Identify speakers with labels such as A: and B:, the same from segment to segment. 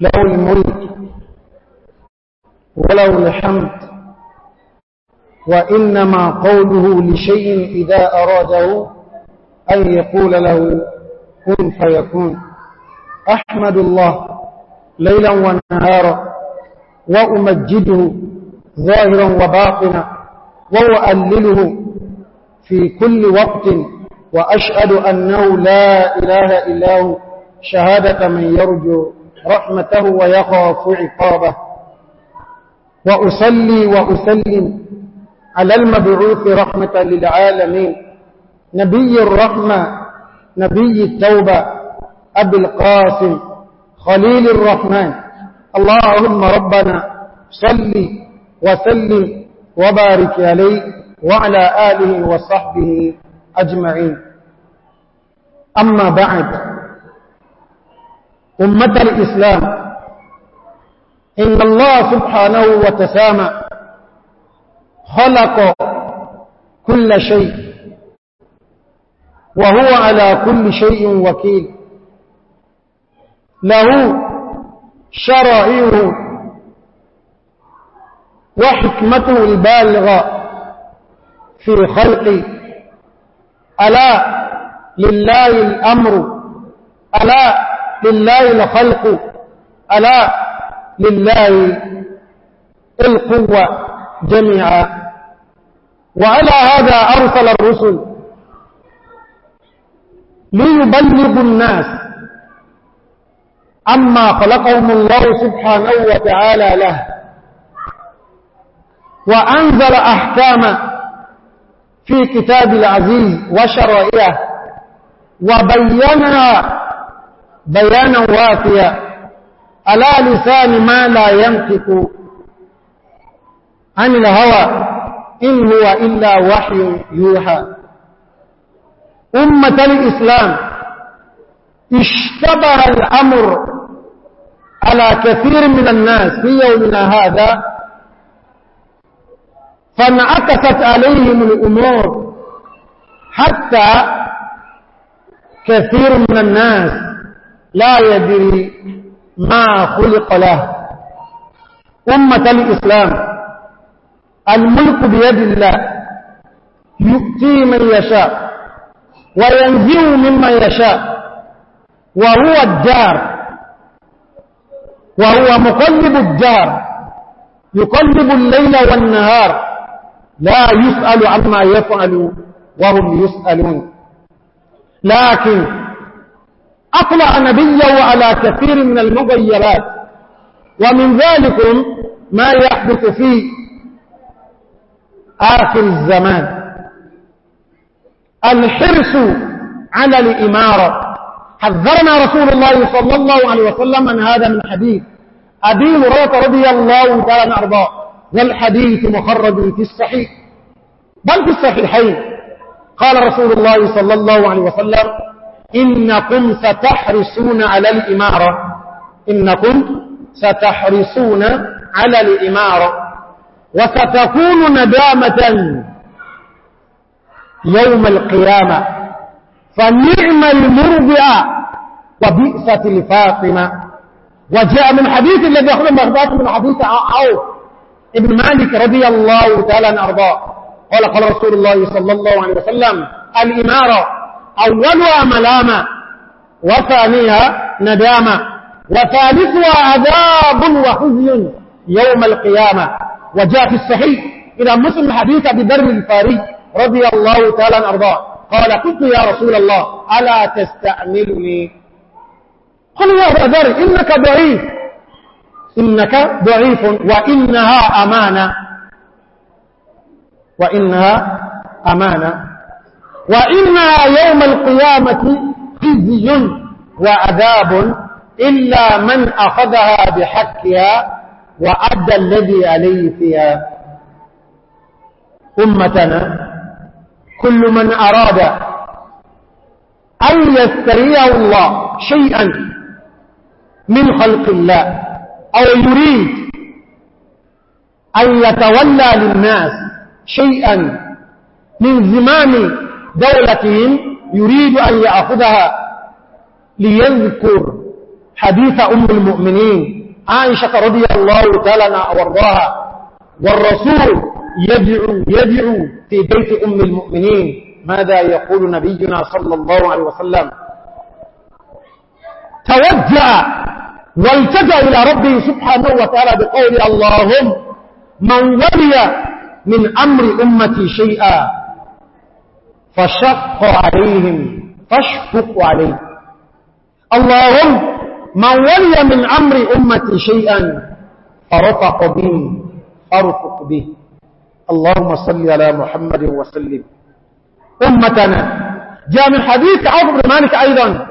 A: له الملك وله الحمد وإنما قوله لشيء إذا أراده أن يقول له كن فيكون أحمد الله ليلا ونهارا وأمجده ظاهرا وباطنا وأؤلله في كل وقت وأشهد أنه لا إله إلا هو شهادة من يرجو رحمته ويخاف عقابه وأصلي وأسلم على المبعوث رحمة للعالمين نبي الرحمة نبي التوبة أبي القاسم خليل الرحمن اللهم ربنا صلي وسلم وبارك عليه وعلى آله وصحبه أجمعين أما بعد أمة الإسلام إن الله سبحانه وتسامى خلق كل شيء وهو على كل شيء وكيل له شرائعه وحكمته البالغة في الخلق ألا لله الأمر ألا لله لخلق ألا لله القوة جميعا وعلى هذا أرسل الرسل ليبلغ الناس عما خلقهم الله سبحانه وتعالى له وأنزل أحكام في كتاب العزيز وشرائه وبينها بيانا وافيا على لسان ما لا ينطق عن الهوى إن هو إلا وحي يوحى أمة الإسلام اشتبه الأمر على كثير من الناس في يومنا هذا فانعكست عليهم الأمور حتى كثير من الناس لا يدري ما خلق له أمة الإسلام الملك بيد الله يؤتي من يشاء وينزل ممن يشاء وهو الدار وهو مقلب الدار يقلب الليل والنهار لا يسأل عما يفعل وهم يسألون لكن أطلع نبيه على كثير من المغيرات ومن ذلك ما يحدث في آخر الزمان الحرص على الإمارة حذرنا رسول الله صلى الله عليه وسلم من هذا من حديث أبي مرات رضي الله تعالى أرضاه والحديث مخرج في الصحيح بل في الصحيحين قال رسول الله صلى الله عليه وسلم إنكم ستحرصون على الإمارة إنكم ستحرصون على الإمارة وستكون ندامة يوم القيامة فنعم المرضعة وبئسة الفاطمة وجاء من حديث الذي أخذ مغبات من حديث عوف ابن مالك رضي الله تعالى أرضاه قال قال رسول الله صلى الله عليه وسلم الإمارة أولها ملامة وثانيها ندامة وثالثها عذاب وحزن يوم القيامة وجاء في الصحيح إلى مسلم حديث أبي ذر الفاري رضي الله تعالى أرضاه قال قلت يا رسول الله ألا تستأملني قل يا أبا ذر إنك ضعيف إنك ضعيف وإنها أمانة وإنها أمانة وإما يوم القيامة خزي وعذاب إلا من أخذها بحقها وأدى الذي عليه فيها أمتنا كل من أراد أن يستريع الله شيئا من خلق الله أو يريد أن يتولى للناس شيئا من زمان دولتهم يريد أن يأخذها ليذكر حديث أم المؤمنين عائشة رضي الله تعالى وارضاها والرسول يدعو يدعو في بيت أم المؤمنين ماذا يقول نبينا صلى الله عليه وسلم توجع والتجع إلى ربه سبحانه وتعالى بقول اللهم من ولي من أمر أمتي شيئا فشق عليهم فاشفق عليه اللهم من ولي من أمر أمتي شيئا فرفق به فارفق به اللهم صل على محمد وسلم أمتنا جاء من حديث عبد مالك أيضا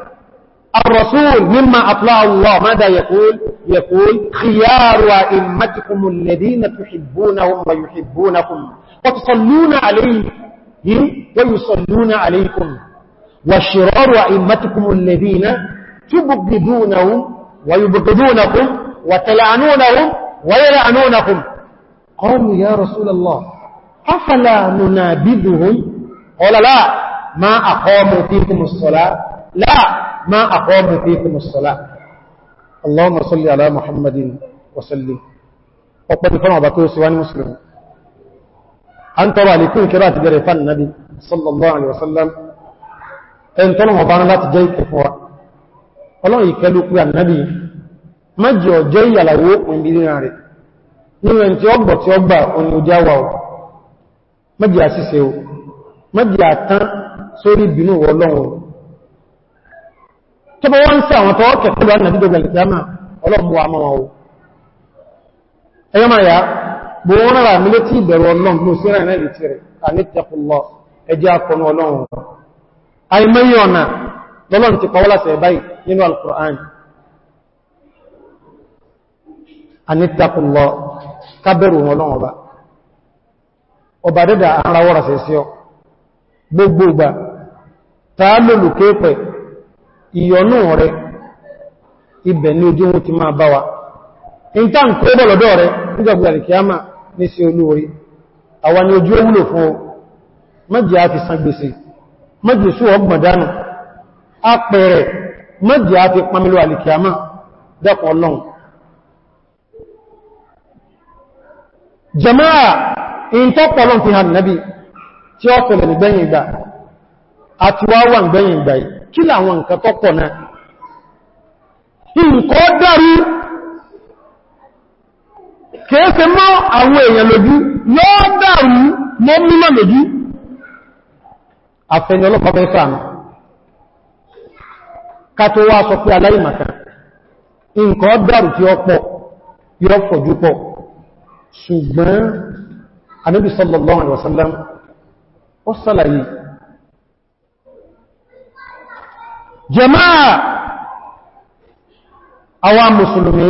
A: الرسول مما أطلع الله ماذا يقول يقول خيار أئمتكم الذين تحبونهم ويحبونكم وتصلون عليه ويصلون عليكم وشرار أئمتكم الذين تبغضونهم ويبغضونكم وتلعنونهم ويلعنونكم قالوا يا رسول الله أفلا ننابذهم قال لا ما أقاموا فيكم الصلاة لا ما أقاموا فيكم الصلاة اللهم صل على محمد وسلم وقد ìfọ́nà ọ̀bá tó síwá an tọrọ àlékún ìkẹrọ àti gẹrẹ fún nàbí sallallahu alaihi wasallam ẹn tọ́nà ọba rán láti jẹ́ ìkẹ fún wa ọlọ́run ìkẹlú pé ànábì mẹ́jọ jẹ́ ìyàlàwó òmìnira rẹ̀ nínú ẹn tí ó gbọ̀ tí ó gbà òní ojú àwà ọ̀ mẹ́jì àṣìṣe o mẹ́jì àtán sórí ìbínú ọlọ́run tó bọ́ wọ́n bó wọ́n rà mí létí ìbẹ̀rù ọlọ́run ló sí rẹ̀ rẹ̀ tí rẹ̀ ànítẹ̀kùnlọ ẹjẹ́ akọni ọlọ́run
B: àìmọ́yí ọ̀nà
A: lọ́lọ́run ti pàwọ́lá sẹ̀ báyìí nínú alkùrán ànítẹ̀kùnlọ kábẹ̀rù ọlọ́run ọba ọba dẹ́dà ara wọ́ra sẹ̀ ọ gbogbo ìgbà tàá lòlùkéèpẹ̀ ìyọnú rẹ̀ ibẹ̀ ni ojú wọn ti máa bá wa in ń kó bọ̀lọ̀dọ́ rẹ̀ nígbàgbà ìkìyàmà ní sí olóorí àwọn ni ojú ewúlò fún mẹ́jì á fi san gbèsè mẹ́jì sú ọgbọ̀n dánù apẹ̀rẹ̀ mẹ́jì á fi pamílò alìkìyàmá dẹ́kọ̀ ọlọ́run jama'a in tọ́pọ̀ ọlọ́run fi hàn nẹ́bí tí ó pẹ̀lẹ̀ nígbẹ̀yìn ìgbà àti wá wà nígbẹ̀yìn ìgbà yìí kí làwọn nǹkan tọ́pọ̀ kèése mọ́ àwọn èèyàn lójú yóò dàrú mọ́ mímọ̀ lójú àfẹ́ni ọlọ́pàá fẹ́ sáàmù kàtò wá sọ pé aláìmàkà nǹkan dàrú tí ó pọ̀ yóò fọ̀jú pọ̀ ṣùgbọ́n Ànábì sallallahu alaihi wasallam ó sàlàyé jàmáà àwa mùsùlùmí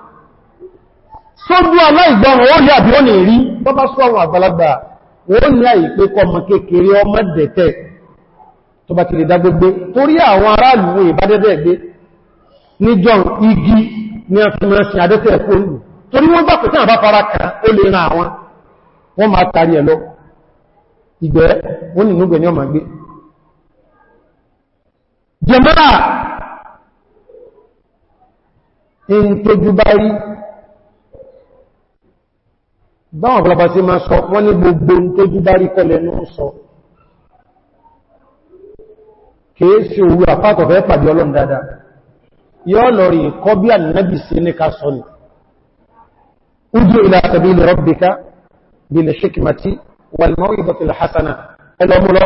A: sójú aláìgbọ́rùn ó rí àbí ó na rí tó bá sọ́rọ̀ àgbàlagbà ó ní ikpe kọmọ kékeré ọmọ dẹ̀tẹ̀ tó bá ti lè dágbégbé torí àwọn aráàlú ìbádẹ́dẹ́gbé níjọ igi ní afẹ́mọ́sìn adẹ́tẹ̀ fóòlù torí wọ́n bá báwọn ọ̀pọ̀lọpọ̀ sí máa sọ wọ́n ní gbogbo tó dúbárí kọlẹ̀ ní sọ kìí sí òwú àpátọ̀fẹ́ pàdé ọlọ́run dáadáa yọ́ lọ rí kọ́ bí ànábì sí ní ká sọ ní ojú ila sabili rabbika bil hikmati wal maw'izati al hasana ẹlọ́múlọ́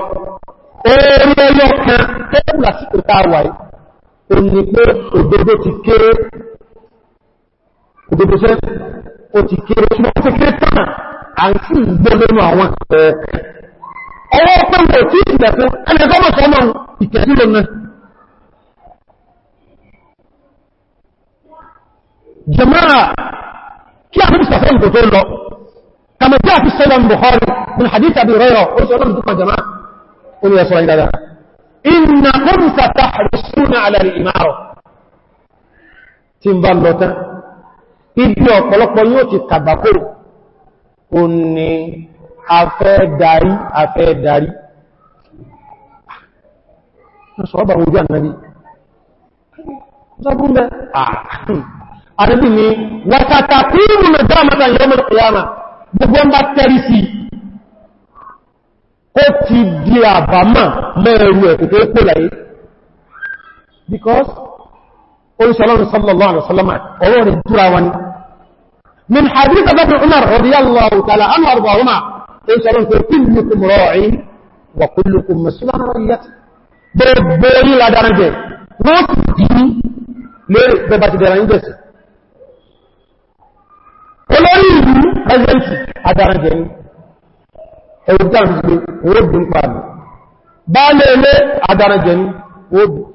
A: orí ẹlọ́kan tẹ́bùlà sí kò tá wà òní pé òdodo ti kéré òdodo sẹ́ ó ti kéré ọ́ ti kéré tánà à ń sí ìgbẹ́lẹ́nu àwọn ọwọ́ pẹ̀lú tí ìsìnlẹ̀ fún ẹnìkọ́mọ̀ sọmọ ìtẹ̀sílẹ̀ náà jama'a kí a fi sàfẹ́ ìkò tó lọ kàmà tí a fi sẹ́lẹ̀ Bukhari min hadith Abi ó oṣù ọlọ́run dúkọ̀ jama'a ó ní ẹ̀sọ́ ìdára inna kúrùsà ta àrùsúnà alàrí ìmáà tí ń bá lọ́tán ibi ọ̀pọ̀lọpọ̀ yóò ti tàbàkòrò o ní afẹ́ darí afẹ́ darí ṣọ́bà ojú ànàbí ṣọ́bùn bẹ́ àrẹ́bì ni wàtàtà kúrù mẹ́ dámàtà yọ́mọ̀ ìyàmà gbogbo ń bá tẹ́rí sí ó ti di àbámà mẹ́rù ẹ̀kùtẹ́ pò láyé because oríṣọ́lọ́rùn sallallahu alaihi wasallam ọ̀rọ̀ rẹ̀ dúra wani min hadith abubakar umar radiyallahu ta'ala anhu arba'uma oríṣọ́lọ́rùn pé kullukum ra'in wa kullukum mas'ulun ra'iyati gbogbo orí ládàrán jẹ wọ́n ti dì ní lórí bẹba ti dẹ̀rẹ̀ ìjẹsì olórí ìlú ẹgbẹ̀ntì adàrán jẹ ní ẹ̀rùjá ìgbé owó dùn pàdé bá lè lé adàrán jẹ ní owó dùn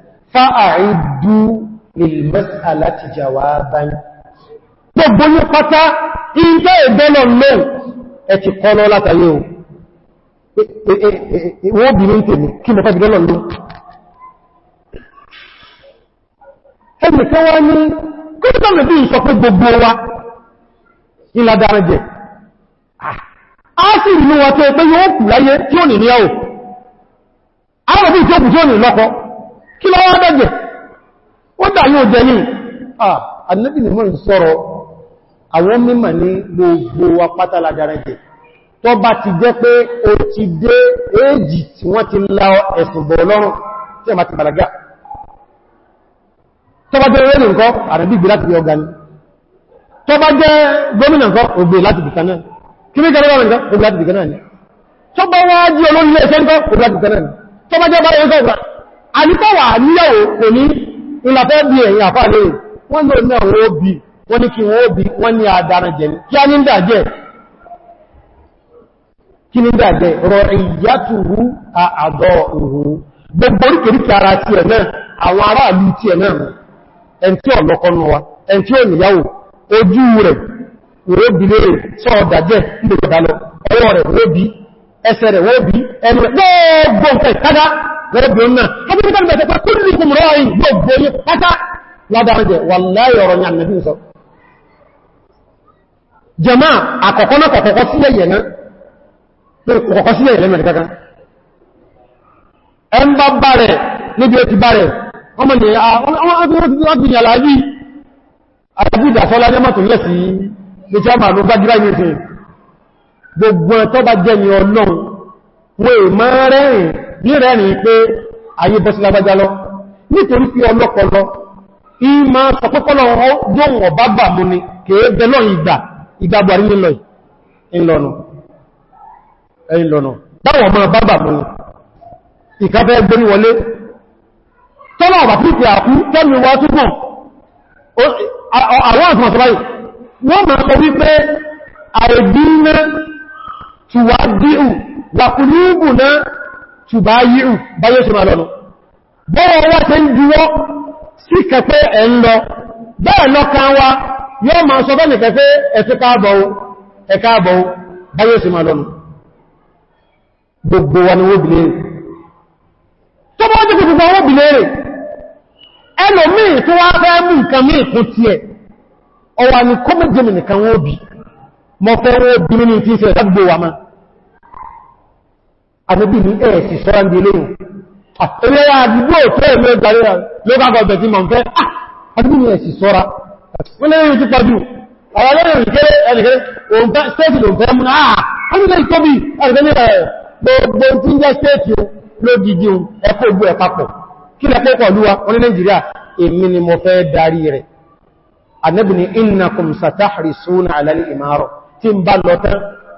A: fa'a'idu ilmas'alati jawaban gbogbo ní pátá ìjẹ́ ìbẹ́lọ̀ lóò ẹ ti kọ́nà látàrí o wọ́n bí ní tèmi kí mọ́fẹ́ ìbẹ́lọ̀ lóò ẹnìkan wá ní kọ́nà bí sọ pé gbogbo wa ìlàdàrẹ̀jẹ̀ a sì ní wọ́n tó pé yóò àwọn bí tí tí ó nì lọ́kọ́ kí lọ wá dẹ̀jẹ̀ ó dà yóò jẹ ní ànábì ni mọ́ ìsọ́rọ̀ àwọn mímọ̀ ní gbogbo apátálà dárẹ́jẹ̀ tó bá ti jẹ́ pé o ti dé èjì tí wọ́n ti la ẹ̀sùn bọ̀ lọ́rùn tí a máa ti bàlágà tó bá jẹ́ rẹ́lì nǹkan àrẹ́bí gbé láti ọgá ni tó bá jẹ́ gómìnà nǹkan ògbé láti bìkan náà kí ní kẹrẹ́lọ́ nǹkan ògbé láti bìkan náà àníkọ́wà níyàwó kò ní ìlàfẹ́ bí ẹ̀yìn àfáà wọ́n ló ní àwọn wọ́n ní kí wọ́n òbí wọ́n ní ní kí a ní dàjẹ́ kí ní dàjẹ́ rọ ìyàtùrú àdọ́ òhù gbogbo oríkèríkè ara ti ẹ̀ náà àwọn aráàlú ti ẹsẹ̀ rẹ̀ wọ́n bí ẹnu gbogbo nǹkan ìtajà lọ́gbọ̀n náà ọdún tó na pẹ́ kú ní kùn rọ́ọ̀yìn gbogbo yí pátá ládáwọ́jẹ̀ wàláyé ọ̀rọ̀ ní àmì jẹma àkọ́kọ́ náà kọ̀kọ́kọ́ sílẹ̀ gbogbo ẹ̀tọ́ bá jẹ́ ni ọlọ́run wọ́n è máa rẹ́rìn ní rẹ́rìn pé ayé bọ́ sí lágbàjá lọ nítorí pé ọlọ́pọlọ ìmá sọpọ́pọ́lọ yóò ọ̀bá bà mú ni kèé bẹ̀lọ́ ìgbà ìgbàgbà rí nílọ ìlọ́nà dáwọ̀ máa bá bà mú ni ìkàfẹ́ gbẹ́ni wọlé tọ́lọ̀ ọ̀bà pípẹ̀ àkú tẹ́mi wá túbọ̀ àwọn àtùmọ̀sọ̀báyì wọ́n máa sọ wípé àìbí náà tùwádìí wàkùlúùbù náà tùbáyìí báyé ṣe máa lọ́nà bọ́wọ́ wá tẹ́ ń dúró sí kẹfẹ́ ẹ̀ ń lọ bẹ́ẹ̀ lọ́kàn wa yóò máa sọ bẹ́ẹ̀ kẹfẹ́ ẹ̀káàbọ̀ báyé ṣe máa lọ́nà gbogbo wa ni wó bìlẹ̀ mo fẹ́ wó bí nínú tí ìṣẹ́ ìdágbò wà àníbí ní ẹ̀ẹ̀sì sọ́rọ̀ ní eléyìn ẹ̀rẹ́ àdúgbò tó èlò ìgbàlẹ́ra lókà gọ̀ọ̀bẹ̀ tí mọ̀ ń fẹ́ àdúgbò ní ẹ̀ẹ̀sì sọ́ra wọ́n lẹ́yìn ti pàdù àwọn lẹ́yìn ìkẹ́rẹ́ ẹ̀lẹ́kẹ́rẹ́ òun fẹ́ stéètì lòun fẹ́ mú náà ó ní lẹ́yìn tóbi ẹ̀rẹ́gẹ́lẹ́ rẹ̀ gbogbo tí ń jẹ́ stéètì ló dìdí ohun ẹ̀kọ́ ògbó ẹ̀ papọ̀ kí lẹ pẹ́pọ̀ lúwa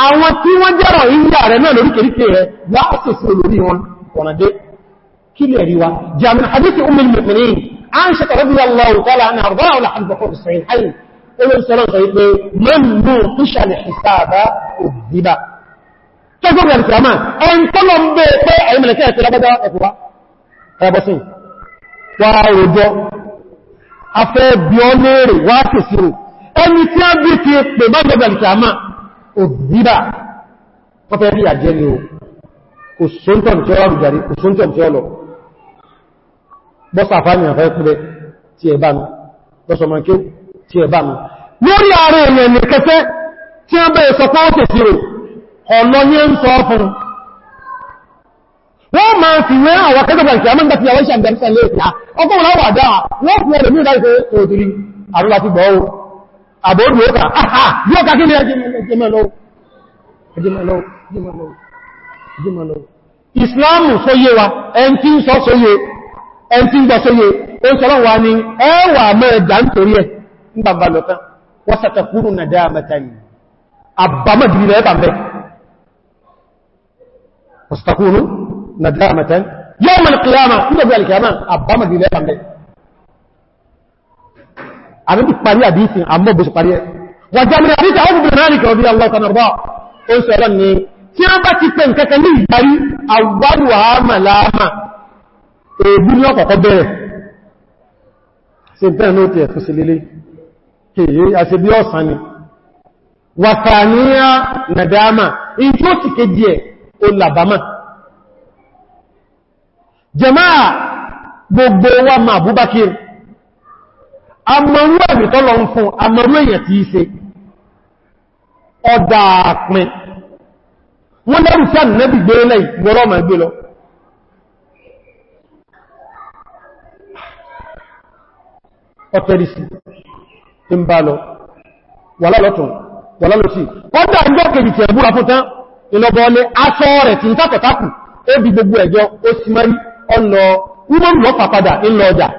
A: àwọn tí wọ́n jẹ́rọ̀ ilé ààrẹ náà lórí kèríkè rẹ̀ láàṣẹ̀sẹ̀ olórí wọn ọ̀nàdé kí lè ríwá jami'in hadithi umar mu'minin an ṣe tàbí allahu ta'ala ní àrùbá àwọn àlùbọ̀kọ̀ ìsẹ̀yìn hayi olóòsọ́lọ́ sọ pé mẹ́mú ìṣàlẹ̀ ìsáàbá òdìbà tó gbogbo ẹ̀rùn kìrama ẹn tó lọ ń bẹ́ pé àìmọ̀lẹ̀kẹ́ ẹ̀kẹ́ lọ́gbọ́dọ́ ẹ̀kùwá ẹ̀bọ̀sìn bí ọ òdìbà pọ́fẹ́ rí àjẹ́ ni o kò sóńtọ̀ tí ó rùjàrí kò sóńtọ̀ tí ó lọ bọ́sà fáàmì àfẹ́ kúrẹ tí ẹ bá mi bọ́sọmọ́kẹ́ tí ẹ bá mi lórí ààrẹ èèyàn ní kẹfẹ́ tí a bẹ̀rẹ̀ sọ pọ́ tẹ̀sí rẹ̀ ọ̀lọ́ ní ń sọ fún wọ́n máa fi wé àwọn kẹgbẹ̀rẹ̀ tí a mọ́ ìgbàtí àwọn ìṣàgbẹ̀rẹ̀ àbòrò òkà àhà yóò ká kí ní ẹjẹ́mọ̀lọ́wọ́ ìsìláàmù sóyé wa ẹn tí ń sọ sóyé ẹn tí ń gbọ́ sóyé ó sọ́rọ̀ wa ni ẹwà mẹ́ẹ̀dà ń torí ẹ̀ ń bàbá lọ́tán wọ́n sàtàkúrù nà dáa mẹ́ta yìí àbíkù parí àdísì àmọ́bùsù parí ẹ̀ wà jẹ́mìnà àdísì àwọn obìnrin náà nìkan bí allah kanarba ó sọ ẹ̀rọ ni tí wọ́n bá ti pẹ̀ nǹkankan ní ìdarí àwárùwà màláàmà èébú ní ọkọ̀kọ́ bẹ̀rẹ̀ gbogbo wa ma Abubakir àmọ̀rú ẹ̀mì tọ́lọ ń fún àmọ̀rú èyàn tí í ṣe ọdá àpín wọ́n lẹ́rù tí ànìyàn gbèrè lẹ́yìn wọ́rọ̀ ma gbé lọ ọ̀tẹ̀rìsì tí ń bá lọ wàlá lọ́tún wàlá lọ́sí kọ́dá ẹjọ́ kejì tí ẹ̀búra fún tán ìlọ́bọ̀ọ́lẹ́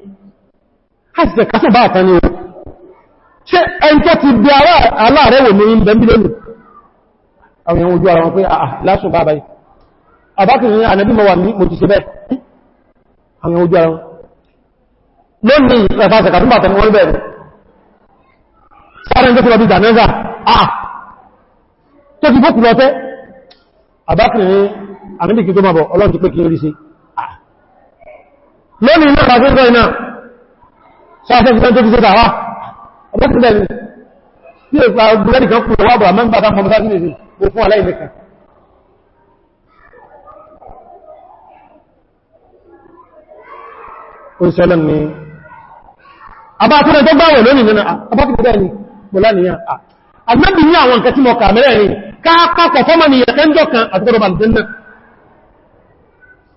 A: àṣìṣẹ́ kásùn bá àtàn ní o ṣe ẹn tó ti bí aláàrẹ̀wò ní bẹ̀m̀bílẹ̀mù àwọn èèyàn ojú ara wọn pé àà ah, ah, lásùn bá báyìí àbákìrì ní ànàbí mọ̀ wà ní mo ti ṣe bẹ́ẹ̀ àwọn ojú ara wọn lónìí ẹ̀fàṣẹ̀ kásùn bá àtàn wọ́n bẹ̀rẹ̀ sáré tó kúrọ̀bí jàmẹ́gà àà tó ti fókù lọ tẹ́ àbákìrì ní ànàbí kí tó máa bọ̀ ọlọ́run ti pé kí n rí sí ah. lónìí náà ṣáṣẹ́ fi tó fi ṣe tàwà ọmọkùnlẹ̀ ni tí ó pa ọgbẹ̀rẹ̀ kan kù wà bàbá mẹ́gbàtà mọ̀mọ́sá sí nìyí o fún aláìlẹ́kà o ṣẹlẹ̀ ni abákùnrin tó gbáwẹ̀ lónìí nínú abákùnrin ni bọ́lá nìyàn àgbẹ́bì ní àwọn nǹkan tí mọ̀ kà mẹ́rẹ̀ rí káàkọ́ fọ́mọ̀ nìyàn kẹ́ńjọ́ kan àti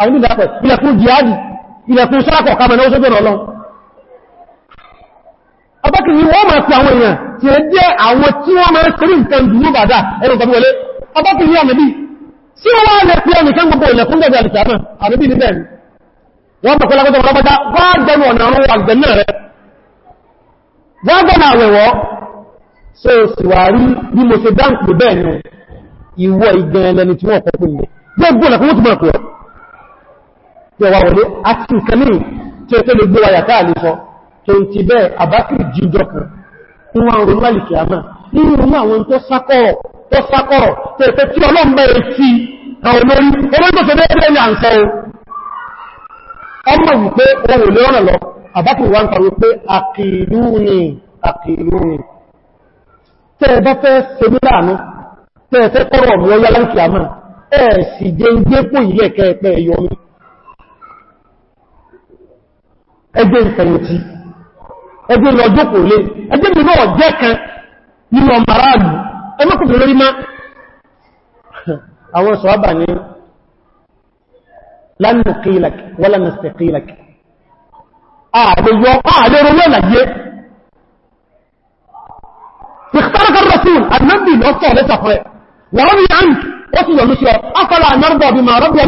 A: àwọn ìdàpẹ̀ ilẹ̀kùn jihadi ilẹ̀kùn sáàkọ̀ kàmẹ̀ náà sójọ́ ọlọ́run ọbákìrí wọ́n máa fi àwọn èèyàn tí ẹ jẹ́ àwọn tí wọ́n máa kiri nǹkan dúró bàdá ẹ̀rọ tàbí wọlé ọbákìrí àmìbí tí wọ́n wá lẹ́pẹ́ ẹnìkan gbogbo ilẹ̀kùn gẹ̀gẹ̀ àdìsàmà àmìbí níbẹ̀ wọ́n mọ̀ pẹ́lákọ́tọ̀ ọlọ́pàá wọ́n dẹnu ọ̀nà àwọn àgbẹ̀ náà rẹ̀ wọ́n gbọ́nà àwẹ̀wọ́ so síwárí bí mo ṣe ni ìwọ ìgbẹ̀ẹ̀lẹ́ni tí wọ́n kọ́ pé yọwà wọlé àti ìkẹ́lẹ̀ tí ó tó lè gbé wáyà táà lè sọ tó ń ti bẹ́ẹ̀ àbákìrì jíjọpù wọn rò lálìkì àmà nínú àwọn tó sákọ̀ọ̀ tó sákọ̀ọ̀ tó ẹ̀fẹ́ tí ọlọ́mbẹ̀ ti àwọn olórí olóńgbò tó bẹ́ẹ̀ ní àǹsọ́ ọmọ wípé wọn ò lérọ̀nà lọ àbákìrì wá ń kọrọ pé àkìlú ni àkìlú ni tẹ́ẹ̀ bá fẹ́ ṣe mí láàánú tẹ́ẹ̀ fẹ́ kọ́rọ̀ mọ́ yálàǹkì àmà ẹ̀ sì jẹ́ ìgbépò ilẹ̀ kẹ́ẹ̀pẹ́ yọmi ẹgbẹ́ ìfẹ̀yìntì ẹjẹ́ lọ́jọ́ kò lé ẹjẹ́ mi náà jẹ́ kan nínú ọmọ aráàlú ẹmọ́kùnrin lórí má àwọn sọ́ọ́bà ní lánàkílàkì wọ́lánàsẹ̀kílàkì ààrẹ̀yọ ààrẹ̀rọ lọ́làyé ìkpáraka rasul annabi lọ́tọ̀ lẹ́sàfẹ́ wọ́n rí àǹk ó sì yọ̀lú sí ọ afẹ́lá anárgọ́ bí ma rọ́bí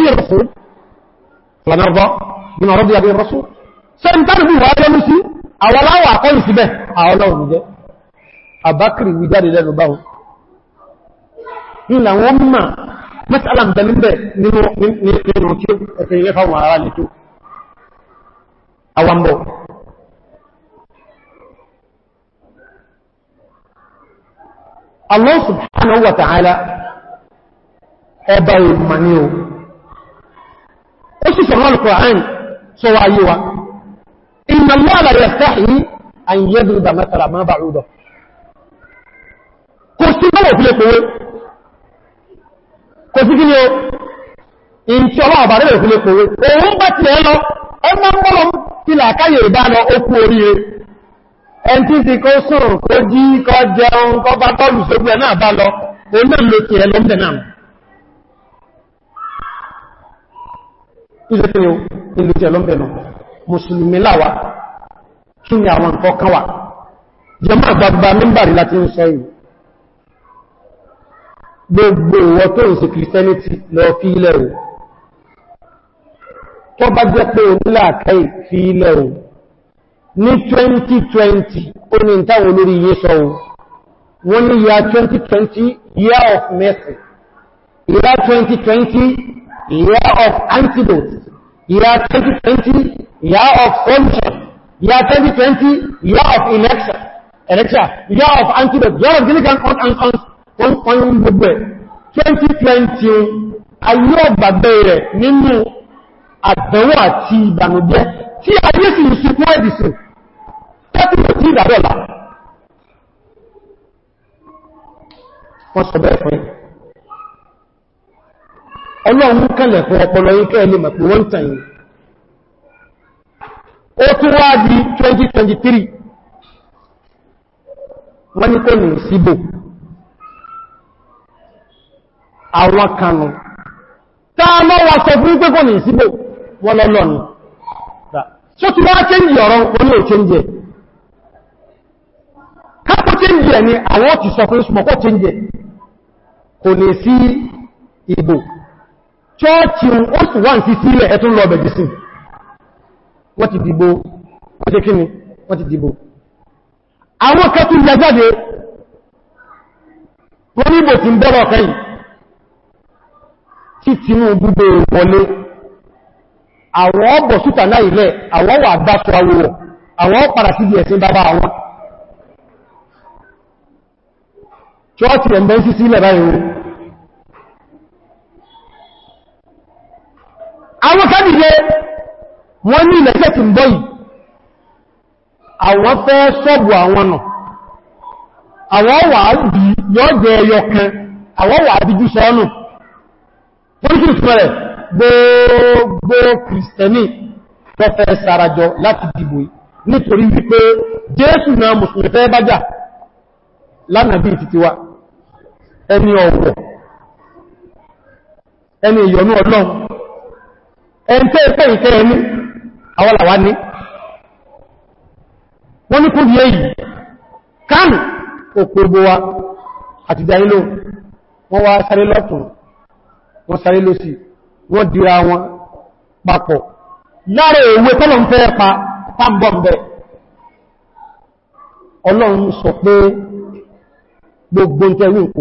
A: abí rasul sẹ́ntàrìbì wà lọ́mú sí àwọn aláwọ̀ àkọ́yìn síbẹ̀ àwọn ọlọ́run jẹ́ àbákìrì wí jáde lẹ́nu báwo nílà wọ́n mọ̀ mẹ́sàlá ń bẹ̀lúbẹ̀ nínú tí ẹ̀kẹ́ ilé fáwọn ará nìtó àwambọ̀ Allah subhanahu wa ta'ala ọba ìmọ̀ ó sì sọ̀rọ̀ al-Qur'an sọ wáyé wa إن الله لا يستحي أن يضرب مثلا ما بعوضة kò sí mọ́wọ̀ fílẹ̀ pé kò sí kí ni o in tí ọlọ́wọ̀ bá rẹ̀ fílẹ̀ pé òun bá ti ẹ lọ ẹmọ mọ́lọ tí làkáyè ìbá lọ okú oríire ẹn tí ti kó sùn kó jí kó jẹun kó bá bọ́ọ̀lù sógbé náà bá lọ òun náà ló ti ẹ lọ mẹ́ náà ìlú ti ẹ lọ mẹ́ náà mùsùlùmí láwá kí ni àwọn nǹkan kan wà jẹmọ́ àgbàgbà mímbàrí láti ń sọ yìí gbogbo ìwọ tó ń ṣe kìrìsẹ́nìtì lọ fi ilẹ̀ o tó bá jẹ́ pé onílàákẹ́ fi ilẹ̀ o ní 2020 ó ní ìtàwọn olórí yé sọ o wọ́n ní ya 2020 year of mercy year 2020 year of antidote year 2020 year of function, year 2020, year of election, election year of antidote, year of diligent on and on, on, on gbogbo 2020, ayé ọgbàgbẹ́ rẹ̀ nínú àdánwò àti ìbànújẹ́ tí ayé sì ìṣùkún ẹ̀dìsìn tẹ́kùnlẹ̀ tí ìdàdọ́là wọ́n sọ bẹ́ẹ̀ fún ọlọ́run kẹlẹ̀ fún ọpọlọ yínkẹ́ ẹlẹ́mọ̀ pé wọ́n tàn yìí ó tún wá di 2023 wọ́n ko kò ní síbò àwọn kanu táà mọ́ wà sọ fún pé ní síbò wọ́n ti wá kéńjì ọ̀rọ̀ orí ò kéńjì kápọ̀ ẹ̀ ni àwọn ti sọ fún ìsùmọ̀kọ́ kéńjì kò ní sí ìbò chọ́ọ̀tí ó sì wá wọ́n ti dìbò àwọn kẹtù ìyàjáde wọ́n níbò tí ń bọ́rọ̀ kẹ́yìn tí Tinubu gbé wọlé àwọn ọbọ̀ sútà láìlẹ̀ àwọn wà dáṣọ awòrọ̀ àwọn padà sí ẹ̀sìn bàbá àwọn ṣọ́ọ̀tì ẹ̀mẹ́ sí sílẹ̀ báyìí wọ́n ní ilẹ̀ tí ń bọ́ yìí àwọn fẹ́ sọ́bù àwọn nà àwọn wà bí yọ́ jẹ ẹyọ àwọn wà bí gbogbo kìrìsìtẹ́nì fẹ́fẹ́ láti dìbò nítorí wípé jésù náà mùsùlùmí fẹ́ bájà lánàbí titiwa ẹni ọ̀wọ̀ ẹni ìyọnú ọlọ́run ẹni tẹ́ ìfẹ́ ìfẹ́ ẹni àwọn làwá ní wọ́n ní kú ní èyí kánù òkú ogbó wa àti ìdáyílò wọ́n wá sáré lọ́tún wọ́n sáré lọ́sì wọ́n dira wọn papọ̀ lára èwe tọ́lọ̀ ń fẹ́ pa tábọ̀m̀bẹ̀ ọlọ́run sọ pé gbogbo ń tẹ́rí òkú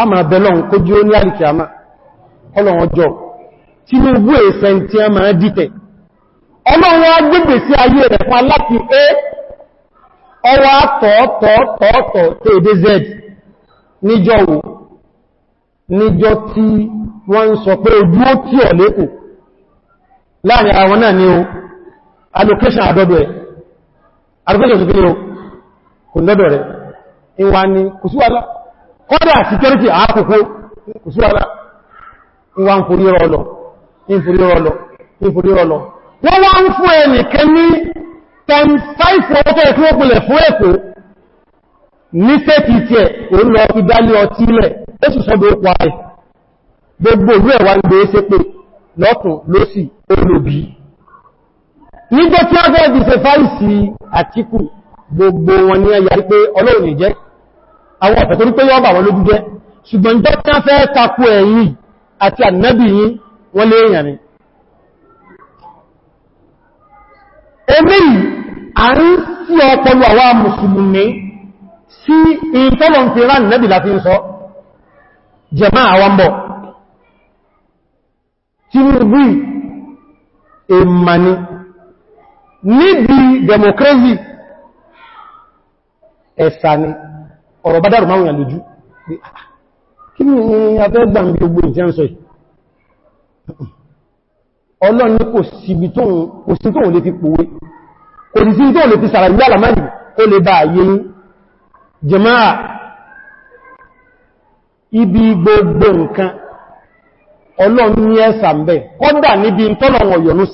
A: a máa bẹ̀lọ́n kó jí ó ní àríkì àmá ọlọ́run ọjọ́ tí ló gbé ẹ̀sẹ̀ tí a máa dìtẹ̀ ọlọ́run agbègbè sí ayé rẹ̀ fún aláti a ọwọ́ àtọ̀ọ̀tọ̀ọ̀tọ̀ tó èdè z níjọ́ wo níjọ́ tí wọ́n ń sọ pé ojú ó tí ọ̀ lẹ́kù láàrin àwọn náà ni o allocation àdọ́dọ̀ ẹ̀ allocation sí kí ni o kò lọ́dọ̀ rẹ̀ ìwà ni kọ́dà security àákòkó ìṣúwàlá ìwà ń forí rọlọ ń forí rọlọ ń forí rọlọ wọ́n wá ń fún ẹnìkẹ́ ní 10,500 ọkọ̀ ìfún òpìlẹ̀ fún ẹ̀kọ́ ní sẹ́kì tí ẹ̀ ò lọ fi dálé ọtí ilẹ̀ èsù sọ́dọ̀ ó pààrẹ gbogbo ìlú ẹ̀wà gbé ṣe pé lọ́tún lọ́sì olóbi nígbẹ́ tí a fẹ́ fi ṣe àtíkù gbogbo wọn ni ẹ̀yà pé ọlọ́run ìjẹ́ àwọn ọ̀fẹ́ torí pé yọ́ bà wọn lójú jẹ́ ṣùgbọ́n jẹ́ tí a fẹ́ takú ẹ̀yìn àti ànábì yìí wọ́n lè èèyàn ni èmì à ń sí ọpọlọ àwọn mùsùlùmí sí ìtọ́lọ̀ ń fi rán nẹ́bì láti ń sọ jẹ̀má àwọn bọ̀ Tinubu èmàní níbi democracy ẹ̀sà ni ọ̀rọ̀ bá dárò máwùn àlójú ah, ah, kí ni afẹ́ gbà ń bí gbogbo ìtẹ́ ń sọ yìí ọlọ́ni kò sí tóhun lè fi pòwe kò sí sí tóhun lè fi sàrà ìgbà àlàmáàlì kó lè bá ayé yìí jẹmáà ibi gbogbo nǹkan ọlọ́run ní ẹ̀sà ń kọ́dà níbi tọ́lọ̀wọ̀ yọ̀nú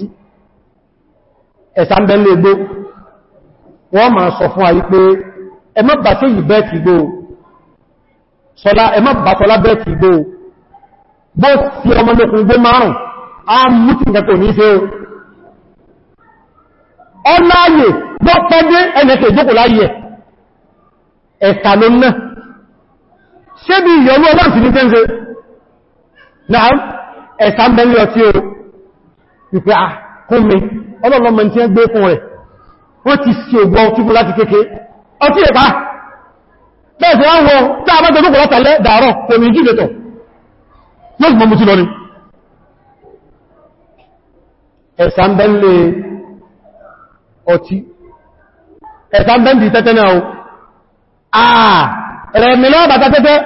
A: ẹmọ́ bà tó yìí bẹ́ẹ̀ ti gbó sọ́lá ẹmọ́ bà tọ́lá bẹ́ẹ̀ ti gbó bọ́ sí ọmọ mẹ́kùn gbé márùn a mú ti kẹtò ní ṣe ọ̀nà ayè bọ́ pẹ́dé ẹnẹ̀kẹ́ ìjókò láyẹ̀ ẹ̀kà ló ná ṣé bí ìyọ̀wó ọlọ́run ti ní tẹ́ńṣe náà ẹ̀sà ń bẹ́lẹ̀ ọtí o ìpẹ́ àkómi ah, ọlọ́lọ́mọ tí ẹ gbé fún rẹ̀ wọ́n ti sí ògbọ́ tí fún láti kéèkéé ọtí ẹ̀pá bẹ́ẹ̀sì wọ́n wọ tí a bá jẹ́ lókùnlọ́ta lẹ́ dàárọ̀ pẹ̀lú ìjú ìletọ̀ yóò mọ̀ mú sí lọ ní ẹ̀sàmbẹ́lẹ̀ ọtí ẹ̀sàmbẹ́ndì tẹ́tẹ́ náà àà ah, rẹ̀mí lọ́ọ̀bà tẹ́tẹ́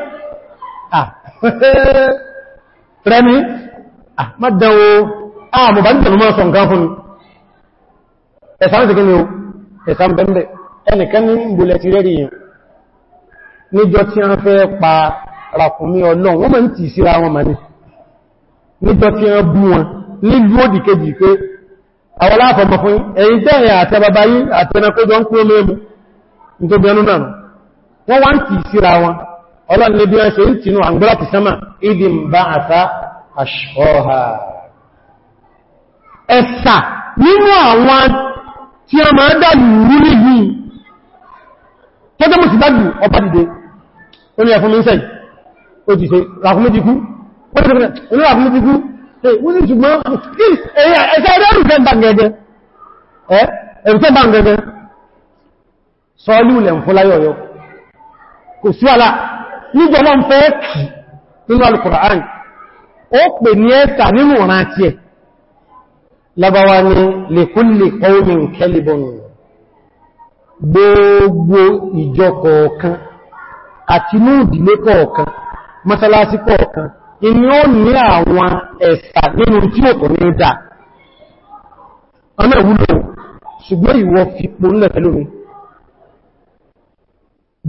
A: rẹ̀mí mọ́dẹ̀wò àà mọ̀ bá ní tẹ̀lú mọ́ ẹnìkan ní ìbòlẹ̀ ti rẹ́rì yìí níjọ tí a fẹ́ pa ràkúnmí ọlọ́run wọ́n mọ̀ ń tì síra wọn màní níjọ tí a bú wọn nílùú òdì kejì pé àwọn aláfọ̀mọ̀ fún ẹ̀yìn tẹ́yìn àti bàbá yí àti ẹnakójọ ń kú lóòmù nítorí ẹnu náà wọ́n wá ẹ̀sà nínú àwọn tí a máa dà lúrí yìí tọ́jọ́ mọ̀ sí dájú ọba dìde orí ẹ̀fún mi ń sẹ́yìn ó ti ṣe ràkúnmẹ́jìkú orí ràkúnmẹ́jìkú wọ́n sì ṣùgbọ́n ẹ̀ṣẹ́ ẹ̀rẹ́rù fẹ́ bá gẹ́gẹ́ ẹ̀rù fẹ́ bá gẹ́gẹ́ sọ́ọ́lù lẹ̀ fún láyọ̀yọ́ kò sí wà níjọ wọ́n fẹ́ kì nínú alùkùrán ó pè ní ẹ́ta nínú ọ̀rán àti ẹ̀ lábáwá ní lèkúnlè kọ́ gbogbo ìjọ kọ̀ọ̀kan àti ní ìdílé kọ̀ọ̀kan mọ́sálásí kọ̀ọ̀kan inú ó ní àwọn ẹ̀sà nínú tí ó kọ̀ ní ìdá ọmọ ìwúlò ṣùgbọ́n ìwọ fi pòlẹ̀ pẹ̀lúmi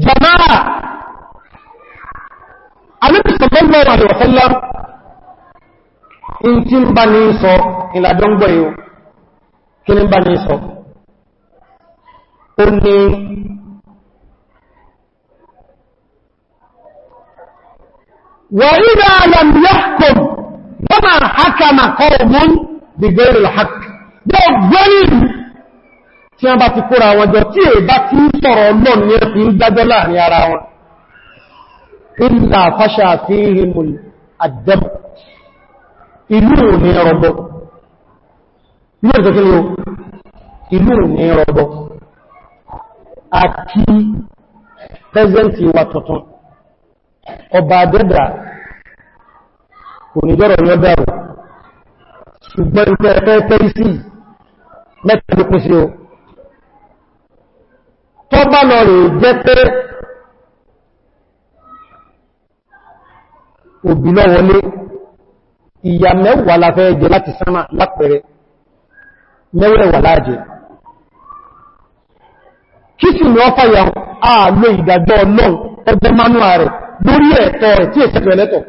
A: jama'a alẹ́bìsọ̀lọ́gbọ̀ àdìwọ̀sọ́lá in tí ń bá ní sọ onye. ní wà ìdá alamiyakùn wọ́n haka ma kọ́ọ̀mún dìgbèrè l'hak bí ó gbọ́nì tí wọ́n bá ti kóra wọn jọ tí ti ń sọ̀rọ̀ lọ́n ní ẹ̀fì ń dájọ́ láàrin ara wọn na fáṣà àti pẹ́sẹ̀ntì wa tuntun ọba dẹ́dà kò ní jọ́rọ̀ ní ọdá rẹ̀ ṣùgbọ́n ní ẹ̀fẹ́ pẹ́sì mẹ́tàlùkún sí o tọ́ lọ rẹ̀ jẹ́ pé òbí náà wọlé ìyà mẹ́wàá la fẹ́ jẹ láti sánmà lápẹẹrẹ mẹ́wàá láàjẹ́ kí sì ní ọfà yà ààlò ìdàjọ́ ọlọ́run ọjọ́ manúà rẹ̀ lórí ẹ̀tọ́ rẹ̀ tí èsẹ̀kẹ̀ ẹlẹ́tọ̀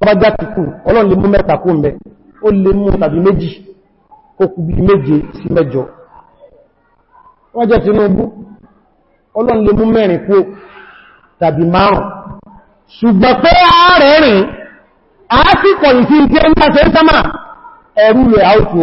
A: ọbájá ti kú ọlọ́run lè mú mẹ́ta kú mẹ́ ó lè mú tàbí méjì kó kú bí méje sí mẹ́jọ ọjọ́ Tinubu ọlọ́run lè mú mẹ́rin kú tàbí márùn ṣùgbọ́n pé ààrẹ̀ rìn àásìkọ̀ ìfíjẹ́ ńlá ṣe ń sámà ẹ̀rú rẹ̀ áùtù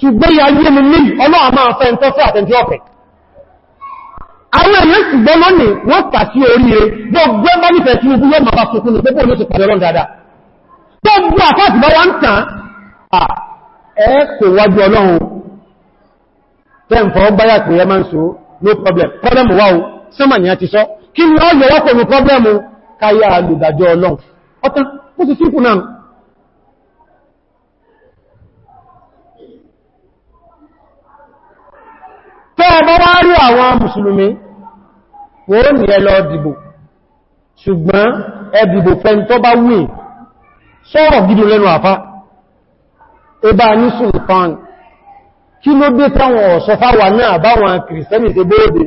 A: ṣùgbọ́n ya yé mi ní ọlọ́wà máa fẹ́ ń tọ́fẹ́ àtẹ́ntí ọ̀fẹ́. àwọn èèyàn sì gbọ́ lónìí wọ́n kà sí orí rẹ̀ gbogbo ẹgbẹ́ nífẹ̀ẹ́ tí ogun yóò máa bá sókún ní pẹ́pọ̀ ló ti pàdé ọlọ́n dáadáa tó gbọ́ àkọ́sì bá wọ́n tàn à ẹ kò wájú ọlọ́run tẹ́ǹfọ́ báyà pé ẹ máa ń so no problem problem wà ó sẹ́mà ni a ti sọ kí ni ó yẹ wọ́pọ̀ ní problem káyà alùdàjọ́ ọlọ́run ọ̀tán ó ti sínkù náà tó ọba wá rí àwọn mùsùlùmí wọ́n ní ẹ lọ dìbò ṣùgbọ́n ẹ dìbò fẹ́n tó bá wù sọ́rọ̀ gidi lẹ́nu àfá ẹbá ní sultan kí ló dé táwọn ọ̀sọ̀ fáwà náà báwọn kìrìsẹ́nì ṣe bóòdè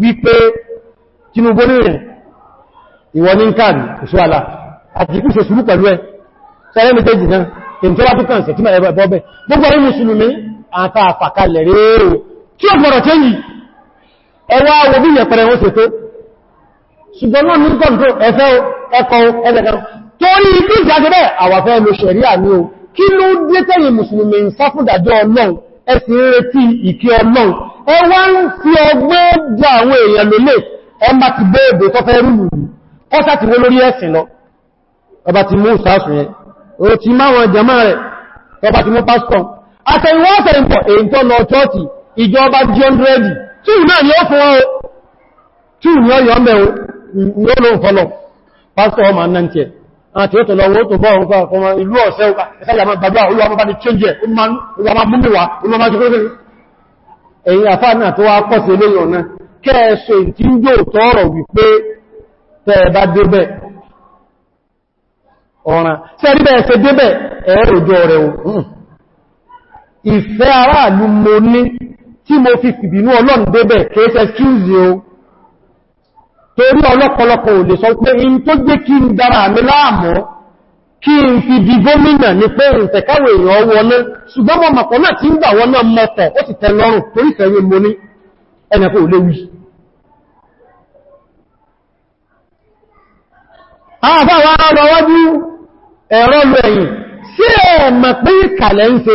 A: wípé Tinubu ní rẹ̀ ìwọ ní káàdì òṣù àlà àti ikú ṣe sùúrù pẹ̀lú ẹ sẹ́rẹ́ méjèèjì náà èyí tó wá tó kàn sẹ̀ tí mẹ́rẹ̀ bọ́bẹ̀ gbogbo ẹ̀rẹ́ mùsùlùmí àtàfàkalẹ̀ rèèrè tí ó gbọ́rọ̀ tí yìí ẹwà wo bí yẹpẹrẹ wọ́n ṣe tó ṣùgbọ́n náà ní kọ̀ǹtò ẹ̀fẹ́ ẹkọ̀ ẹgbẹ̀kẹ̀rọ torí ilé ìjágẹ́bẹ̀ àwàfẹ́ ló ṣẹ̀ríà ní o kí ló dé tẹ́yìn mùsùlùmí ń sáfúdàjọ́ ọlọ́run ẹ̀sìn retí ìkí ọlọ́run ẹwà ń fi ọgbẹ́ jẹ àwọn èèyàn lólè ọmọ ti bẹ́ẹ̀bù tọ́fẹ́ ìjọba jí ọ́ndrẹ́dì tí ìlú náà ni ó fún ọ́ tí ìlú ọ̀yọ́ mẹ́ ni ó lóun fọ́lọ̀ pásítọ̀ ọmọ annáńtẹ̀ àti ètò lọ́wọ́ tó bọ́ ọ̀rùn fún ìlú ọ̀sẹ́ ọ̀ràn sẹ́rí bẹ́ẹ̀ ṣe débẹ̀ ẹ̀rọ òjò rẹ̀ òun ìfẹ́ aráàlú mo ní tí mo fi ìbínú ọlọ́run débẹ̀ kéèsẹ̀ kíùzì o torí ọlọ́pọ̀lọpọ̀ ò lè sọ pé in tó gbé kí n dára mi láàmú kí n fi di gómìnà ní pé ìfẹ̀káwẹ̀ èèyàn wọlé ṣùgbọ́n mọ̀ mọ̀pọ̀ náà tí ń gbà wọ́n pé ìkàlẹ̀ ń ṣe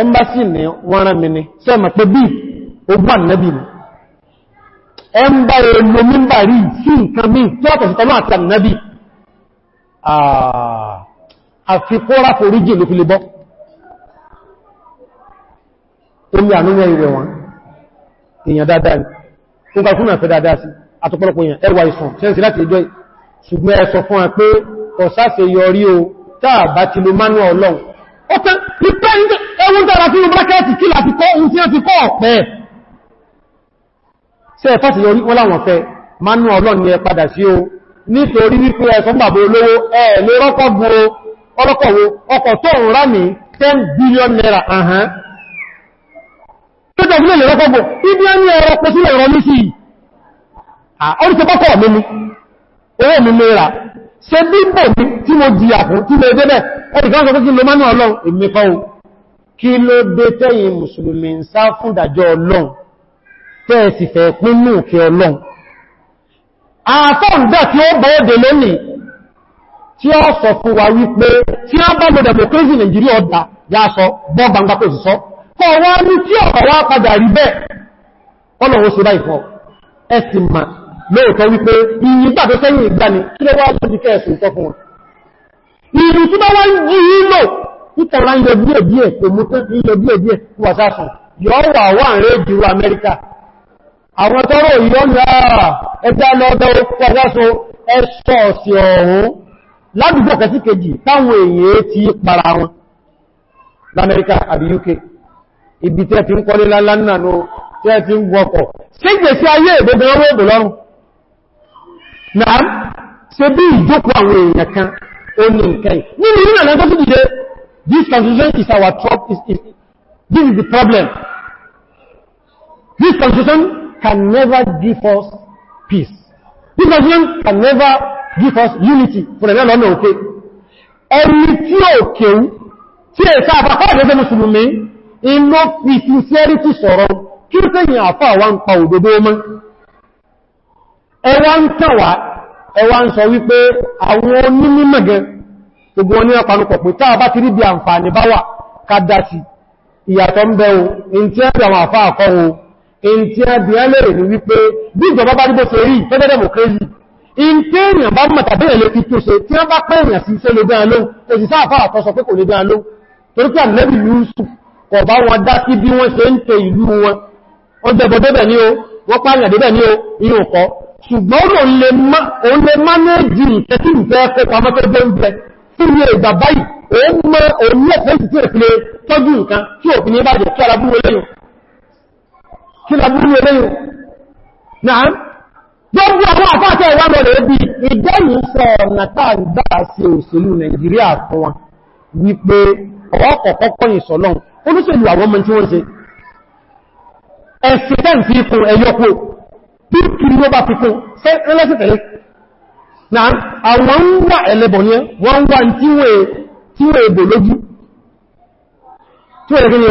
A: ẹmbásí ní wọ́n rán mi ní sẹ́mọ̀ pé bí ogbà nẹ́bì ní ẹmbá èlò mímbà rí sí nǹkan mí tí ó tọ̀sítọ́ náà tàn nẹ́bì ah, àfikọ́rá foríjì ló fi lè bọ́ omi ànúwẹ̀ ìwẹ̀ wọn èèyàn dáadáa ní nǹkan fún àfẹ́ dáadáa sí àtọ̀pọ̀lọpọ̀ èèyàn ẹwà ṣùgbọ́n ẹ fún ẹ pé ọ̀sáṣe yọrí o táà bá ti lo mánú ọlọ́run ọ̀tán pípẹ́ ń dẹ̀ ẹwùn tààrà tí ó brákẹ́ẹ̀tì kí láti kọ́ ohun tí ó ti kọ́ ọ̀pẹ́ ṣe ẹ̀fẹ́ sí lórí wọ́n láwọn fẹ́ mánú ọlọ́ni ẹ padà sí o nítorí wípé ẹ̀sán bàbá olówó ẹ̀ lè rọ́kọ́ gbúrò ọlọ́kọ̀wó ọkọ̀ tó ń rá ní 10 billion naira ahán tó jẹ́ ìlú rọ́kọ́ gbò ibi ẹni ẹ̀rọ pẹ̀ sílẹ̀ ẹ̀rọ ní sí oríṣẹ́kọ́kọ́ mi ni owó mi mẹ́ra ṣe bíbò mi tí mo jìyà fún tí mo débẹ̀ ẹ̀rì kan sọ pé kí lo mánú ọlọ́run èmi kọ́ kí ló dé tẹ́yìn mùsùlùmí ń sá fún ìdàjọ́ ọlọ́run tẹ́ẹ̀sì fẹ́ pínlú òkè ọlọ́run àfọ́ǹdà tí ó bọ́ òdè lónìí tí ó sọ fún wa wípé tí a bá gbọdọ̀ democracy Nigeria ọ̀dà yá sọ bọ́ gbangba kò sọ kọ́ wá ní tí ọ̀rọ̀ wá padà rí bẹ́ẹ̀ ọlọ́run ṣe báyìí fọ́ ẹ̀sì mà lóòtọ́ wípé ìyí tàbí sẹ́yìn ìgbani kí ló wá lọ́dí kẹ́ẹ̀sì tọ́ fún wọn ìrù tí bá wá ń jí ìlò títàrà ń yọ díẹ̀ díẹ̀ kò mú tán ń yọ díẹ̀ díẹ̀ wà sásùn yọ́ wà wà ń rẹ̀ jù Amẹ́ríkà àwọn tọ́rọ ìyọ́nà ẹgbẹ́ lọ́dọ́ pọ̀wọ́sọ ẹ̀ṣọ́ ọ̀sẹ̀ ọ̀hún ládùúgbò kẹtí kejì táwọn èèyàn ti para wọn l'Amẹ́ríkà àbí UK ibi tẹ́ ti ń kọ́lé lálánàánú tẹ́ ti ń wọkọ̀ sígbèsí ayé ìgbogbo ọwọ́ òdò lọ́rùn náà ṣe bí ìjókòó àwọn èèyàn kan ó ní nǹkan nínú ìrìnà tó ti dìde This constitution is our trouble. Is, is, this is the problem. This constitution can never give us peace. This constitution can never give us unity. For the lọ́nà òkè. Ẹni tí ó kéwú, tí è sáà bá Mùsùlùmí, inú fi sincerity sọ̀rọ̀, kí ó tẹ́yìn àfá wa ń pa òdodo mọ́. Ẹwà ń tàn ẹwà ń sọ wípé àwọn onímọ̀ gbogbo wọn ní ọpanukọ̀ pé táà bá ti rí bí àǹfààní bá wà kádásí ìyàtọ̀ ń bẹ o in tí ẹbí àwọn àfá àkọ́ o in tí ẹbí ẹlẹ́rẹ̀ ní wípé bí ìjọba bá rí bó ṣe rí tó dẹ́dẹ̀ mọ̀ kéjì in tí èèyàn bá mọ̀ta bẹ́ẹ̀ lè fi tó ṣe tí wọ́n bá pẹ́ èèyàn sí iṣẹ́ lè dáa ló kò sì sáà fáà tọ́sọ pé kò lè dáa ló torí pé ànẹ́bì Yusuf kò bá wọn dá sí bí wọ́n ṣe ń tẹ ìlú wọn ó jẹbọ débẹ̀ ní o wọ́n pààyàn débẹ̀ ní o inú ọkọ̀ ṣùgbọ́n òun lè má ìtẹ́sí ìfẹ́ ẹ̀kọ́ pamọ́ tó gbé ń bẹ iye ìgbàbá yìí òun mọ́ òun lẹ́pẹ́ sí tí èkìlẹ̀ tọ́jú nǹkan tí ò fi ní bàjẹ̀ kí alábúrú eléyìn kí alábúrú eléyìn náà gbogbo àwọn àpáàtẹ̀ ìwà mọ̀lẹ̀ ẹbí ìdẹ́yìn sọ ọ̀nà táà ń bá sí òṣèlú Nàìjíríà fún wa wípé ọkọ̀ọ̀kọ́ kọ́yìn sọ̀lọ́n olóṣèlú àwọn ọmọ tí wọ́n ṣe ẹ̀sìn tẹ́ ń fi kún ẹyọ́kó pípì ló bá fi kún sẹ́ ẹlẹ́sìn tẹ̀lé na àwọn ń wà ẹlẹ́bọ̀ ní wọ́n wà tí wọ́n èbò lójú tí wọ́n gíní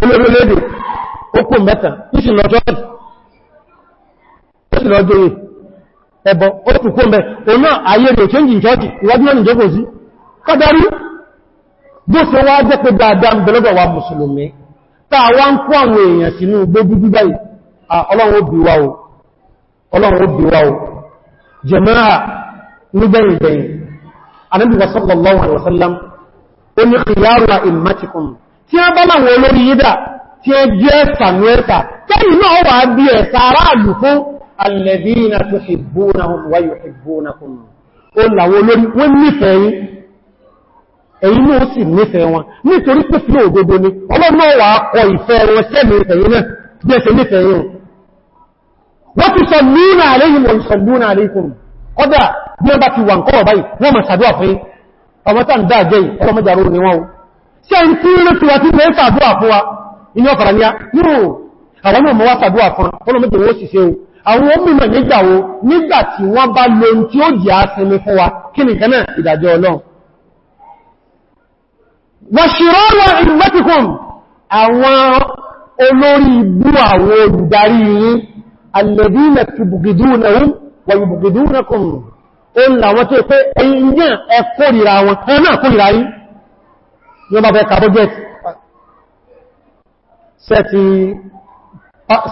A: olóòrùn-èdè okùn mẹ́ta ìṣìnlọ́jọ́ ìṣìnlọ́jọ́ ẹbọ okùnkùn mẹ́ ọ̀nà ayé rẹ̀ tó ń jìn jọ́jì ìwájú lónìí jẹ́kò sí kọ́dárí bó ṣe wá jẹ́ pé dáadáa bẹ̀lọ́dọ̀ wa mùsùlùmí tàà wá ń kó àwọn èèyàn sínú Ah, ọlọ́run ó bí wa o ọlọ́run ó bí wa o jẹ̀mọ́ra nígbẹ̀yìnbẹ̀yìn Ànábì sallallahu alaihi wasallam ó ní khiyaru a'immatikum tí a bá láwọn olórí yídà tí a jẹ́ ẹ̀sànú ẹ̀sà tẹ́yìn náà wà bí ẹ̀sà aráàlù fún alladhina tuhibbunahum wa wọ́n ti sọ lúnà àléyìn wọ́n sọ lúnà àléyìn kọ́dà bí wọ́n bá ti wà nǹkan ọ̀báyìí wọ́n mọ̀ sàdúwà fún ọmọ tàn dáadé ọlọ́mọjàrò ni wọ́n ṣe ń tí ó ti wà tí wọ́n sàdúwà fún wa inú ọ̀fàrà ní yóò àwọn náà mọ́ wá sàdúwà fún ọlọ́mọjàrò ó sì ṣe o àwọn olórí ibú àwọn olùdarí yìí alẹ́bílẹ̀ tubùgidúnahum wà yubùgidúnakum ó láwọn tó pé ẹ̀yin yàn ẹ kórìíra wọn ẹ náà kórìíra yín yọ bá fẹ́ kàbọ́jẹ́t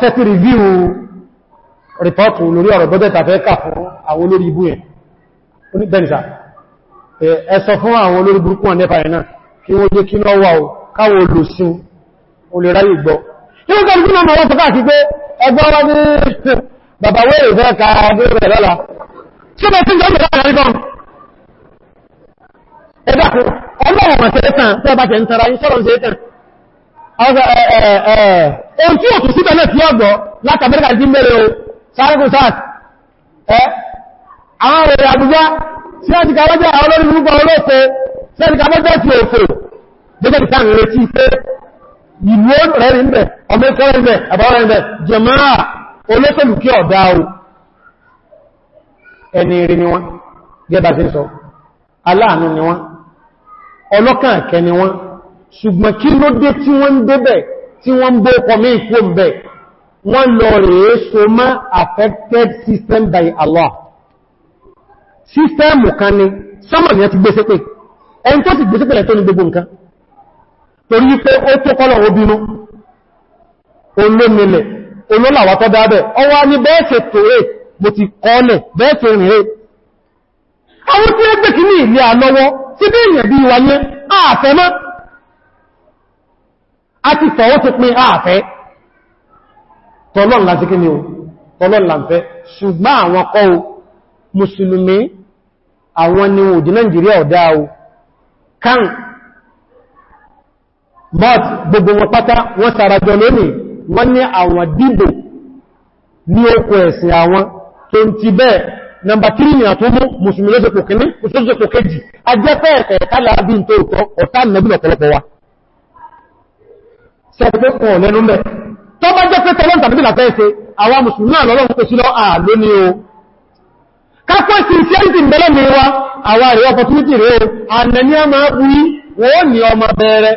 A: sẹ́tì rìvíù rìpọ́tù lórí ọ̀rọ̀ bọ́jẹ́t àfẹ́ kà fún àwọn olórí ibú ẹ̀ oníbẹ̀nìsà ẹ sọ fún àwọn olórí burúkú wọn nẹ́fà ẹ̀ kí wọ́n jẹ́ kí lọ́wọ́ káwọn olùsìn olè ráyè gbọ́ ẹgbọ́n wọ́n ní bàbáwé ìfẹ́ ka abúrẹ̀ lọ́la tí ó tí ń jẹ́ ìrọ̀lọ́rọ̀ ẹgbà kú ọlọ́run wọ̀n tẹ́ tàn tẹ́ bá tẹ́ ń tara ìṣọ́rọ̀ ń tẹ́ tàn ohun tí òkú síbẹ̀ náà tí ó gbọ́ láti Amẹ́ríkà ti mẹ́rẹ̀ o sáàrùn sáàt àwọn ọ̀rẹ́ Àbújá tí wọ́n ti kàwọ́jẹ́ àwọn olórin gbogbo olóòkó tí wọ́n ti kàwọ́jẹ́ ti òfò gẹ́gẹ́ ti sáà ń retí pé ìlú rẹ̀ ń bẹ̀ ọmọ ikọ́ ẹgbẹ̀ àbáwọn ẹgbẹ̀ jẹmáà olóṣèlú kí ọ̀dá o ẹni rí ni wọ́n gẹ́bà sí sọ aláàánú ni wọ́n ọlọ́kànkẹ́ ni wọ́n ṣùgbọ́n kí ló dé tí wọ́n débẹ̀ tí wọ́n bó kọmí ìkó mbẹ̀ wọ́n lọ rèé so mọ́ affected system by Allah system kan ni sọ́mọ̀ ni ẹ ti gbé sépè ẹni tó ti gbé sépè lẹ́tọ́ ní gbogbo nǹkan torí pé ó tó kọ́lọ̀ olómìnlẹ̀ olólàwà tọ́ dáadẹ́ ọwá ní bẹ́ẹ̀ṣẹ̀ e mo ti kọ́ọ̀lẹ̀ bẹ́ẹ̀ṣẹ̀ rẹ̀ àwọn tí ó gbẹ̀kì ní ilé àlọ́wọ́ tí bí èyàn bí wà ní ààfẹ́ mọ́ a ti ti pín ààfẹ́ but gbogbo wọn wọn lónìí wọ́n ní àwọn dìbò ní okò ẹ̀sìn àwọn tó ń ti bẹ́ẹ̀ nàmbà tírí ni àtúmú mùsùlùmí lóṣèpò kìíní òṣèṣèpò kejì ajẹ́fẹ́ ẹ̀kẹ́ tàbí tó ọ̀tọ́ ọ̀tá nẹ́bí lọ̀pọ̀lọpọ̀ wa sẹ́pẹ́ kan lẹ́nu mẹ́ tó bá jẹ́ pé tọ́lọ́n tàbí làfẹ́ ṣe àwọn mùsùlùmí àlọ́lọ́run kò sí lọ ààlò ní o opportunity rẹ̀ o ànẹ́ni a máa ọmọ bẹ̀rẹ̀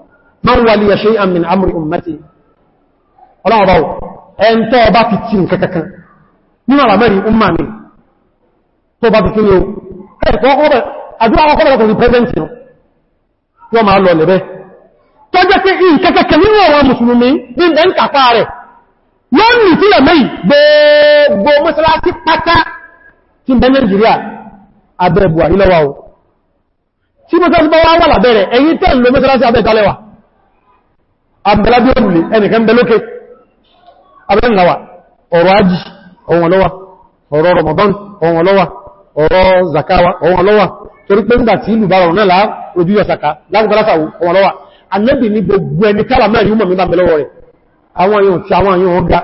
A: man waliya shay'an min amri ummati ọlọ́wọ́ báwọ̀ ẹn tó bá fi tí nǹkan kankan nínú àmẹ́rí umma mi tó bá fi kí ní o àdúrà ọkọ̀ ọkọ̀ ní pẹ́sẹ̀ntì wọ́n máa lọ lẹ́bẹ́ tó jẹ́ pé nǹkan kankan nínú àwọn mùsùlùmí ní ẹ̀ ń kàpá rẹ̀ wọ́n ní tí lẹ́mẹ́yì gbogbo mọ́sálásí abẹ́ Buhari lọ́wọ́ tí mọ́sálásí bá wá wà lábẹ́rẹ̀ ẹ̀yìn tẹ́lẹ̀ mọ́sálásí abẹ́ ìtàlẹ́wàá abẹ́lábí òrùlé ẹnìkan bẹ lókè abẹ́lẹ́lọ́wà ọ̀rọ̀ ajì ọ̀wọ̀n lọ́wà ọ̀rọ̀ Ramadan ọ̀wọ̀n lọ́wà ọ̀rọ̀ zakawa ọ̀wọ̀n lọ́wà torí pé ńgbà tí ìlú bá rọrùn náà ojú yọ saka lágbàlásà ọ̀wọ̀n lọ́wà anẹ́bì ní gbogbo ẹni káwà mẹ́rin mọ̀ nígbà bẹ̀lọ́wọ̀ rẹ̀ àwọn yóò ti àwọn yóò ga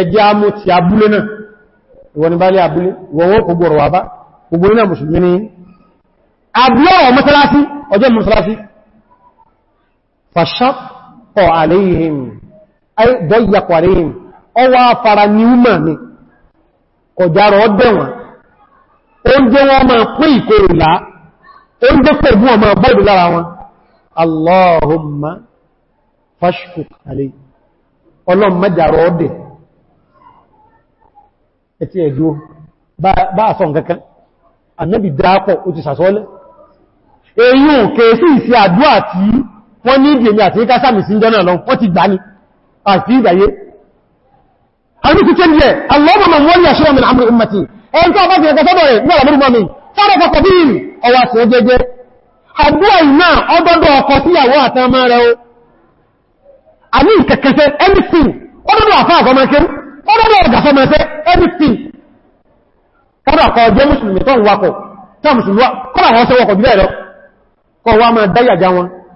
A: ẹjẹ́ amú ti abúlé náà ìwọ̀n ni bá lé عليهم أي ضيق ọwọ́ afara ni ọmọ mi ọ̀dárọ̀ ọdẹ́wọ̀n oúnjẹ wọn máa pín ìkó ìlà oúnjẹ pẹ̀lú wọn bọ́ọ̀dù lára wọn Allahumma fashkuk alayhi ọlọ́mọdàrọ̀ wọ́n ní ìdí èmì àti ìkásàmì sí jọ́nà lọ wọ́n ti gbà ní àti ìdàyé àríkùkẹ́ díẹ̀ allahumma wọ́n yà ṣíwọ́n min amri ummati ẹn tó àbájẹ̀ ẹgbẹ́ sọ́dọ̀ rẹ̀ níwọ̀n lórí mọ́mí sáàrẹ̀ kọkọ̀ bí ọwà sí ẹgbẹ́gbẹ́ àbúrò iná ọgbọ́dọ̀ ọkọ̀ síyàwó àtàmà rẹ̀ o àní ìkẹ̀kẹ̀ṣẹ́ anything ọdọ́dọ̀ àfá àgọmọ́kẹ́ ọdọ́dọ̀ ọgàfọ́mọ́kẹ́ anything kọ́dọ̀ kọ́ jẹ́ mùsùlùmí tó ń wakọ̀ tó mùsùlùmí kọ́dọ̀ wọ́n sẹ́wọ́kọ̀ bí bẹ́ẹ̀ lọ kọ́ wá máa dáyàjá wọn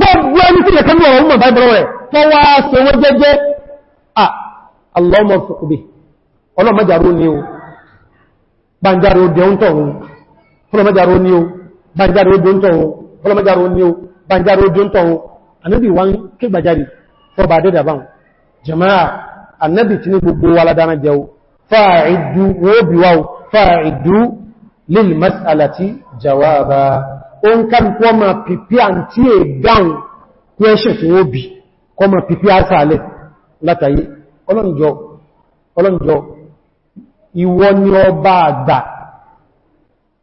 A: gbogbo ẹni tí ìyẹ̀kan lọ́wọ́ mọ̀ báyìí bọ́rọ̀ rẹ̀ tó wá ṣe wọ́n jẹ́jẹ́ àlọ́mọ̀fẹ́kùbì ọlọ́mọjàrò ní o bàjàrò dẹun tọ̀run ọlọ́mọjàrò ní o bàjàrò lil mas'alati jawaba ó ń kàbùkú ma pìpí àti èdáhùn pẹ́ṣẹ̀ tó ó bí kọmọ pìpí àṣàlẹ̀ látàyé ọlọ́njọ́ ìwọ ni ọba àgbà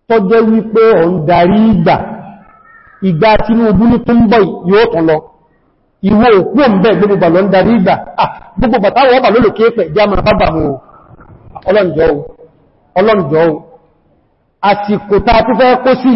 A: tọ́jẹ́ wípé ọ̀n darí ìgbà ìgbà Tinubu ní tó ń bọ̀ yóò lọ ìwọ òkú gbogbo lọ ń darí ìgbà gbogbo ọba jẹ́ àmà bábà mú ọlọ́njọ́ ọlọ́njọ́ àsìkò tó fẹ́ kó sí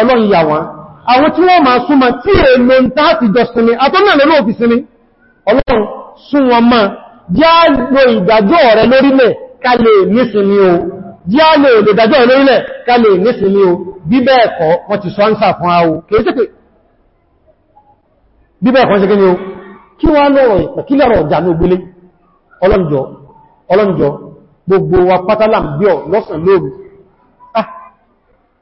A: ọlọ́run yà wọ́n àwọn tí wọ́n máa súnmọ́ tí èèmọ̀ ń tààtì jọ sinmi àtọ́nà lọ́nà sinmi ọlọ́run sún wọn máa díàlò ìdájọ́ rẹ lórílẹ̀ kalẹ̀ nísinmi o rẹ lórílẹ̀ kalẹ̀ nísinmi o wọ́n ti o ọjà ní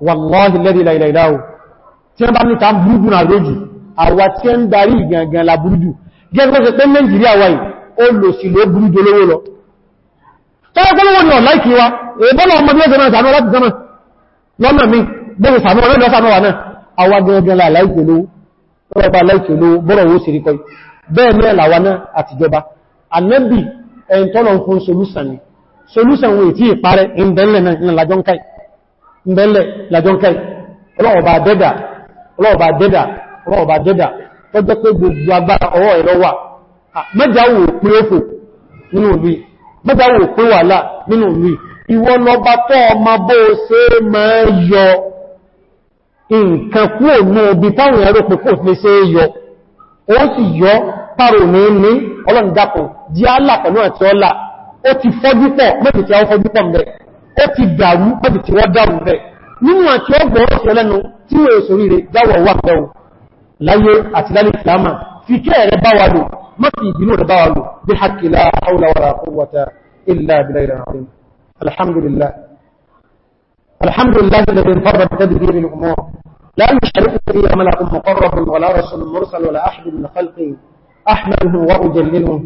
A: wàláhì lẹ́dí láìláìláwò tí wọ́n bá ní ta burúdù náà lójú àwa tí ó ń darí ìgangan la burúdù gẹ́gbẹ́ ṣe pé Nàìjíríà wáyìí ó lò sí ló burúdù olówó lọ tọ́lọ́gbọ́lọ́wọ́ ni ọ̀láìkì wa èbọ́lọ́ ọmọdé ẹgbẹ̀rẹ̀ náà sàánú láti sánà lọ́nà mi bẹ́rẹ̀ sàánú ọlọ́dọ̀ sàánú wà náà àwa gẹ́gẹ́ láìkì olówó tọ́lọ́gbà láìkì olówó bọ́rọ̀ owó sí ríkọ́ bẹ́ẹ̀ mẹ́ làwa náà àtijọba anẹ́bì ẹ̀ntọ́lọ́ fún solúsàn ni wo ìtí ìparẹ́ ìbẹ̀lẹ̀ náà lájọ́ ń káì mbẹ́lẹ̀ làjọ́nkẹ́ ọlọ́ọ̀bà dẹ́dà ọlọ́ọ̀bà dẹ́dà ọlọ́ọ̀bà dẹ́dà tó jẹ́ pé gbogbo agbára ọwọ́ ẹ̀rọ wà mẹ́jáwò pé ófò nínú ìlú mẹ́jáwò pé wà láà nínú ìlú ìwọ lọba tọ́ ọmọ bó ṣe máa yọ nǹkan kú òní obi táwọn ẹ̀rọ pé kò fi ṣe yọ ó sì yọ pàrò ní ní ọlọ́ndàpọ̀ jí á là pẹ̀lú àti o ó ti fọ́jú pọ̀ mẹ́tẹ̀ẹ́ fọ́jú pọ̀ mẹ́rẹ̀ ó ti dàrú pẹ̀lú tí wọ́n dàrú rẹ̀ nínú àti láyé àti ọ̀sẹ̀ lẹ́nu tí wọ́n èso wà lò rẹ̀ dáwọ̀ wà pẹ̀lú láyé àti lálẹ́ ìfìyàmà fi kẹ́ rẹ̀ bá wà lò ma fi ìbínú rẹ̀ bá wà lò bí hakila haula wa ujalliluhu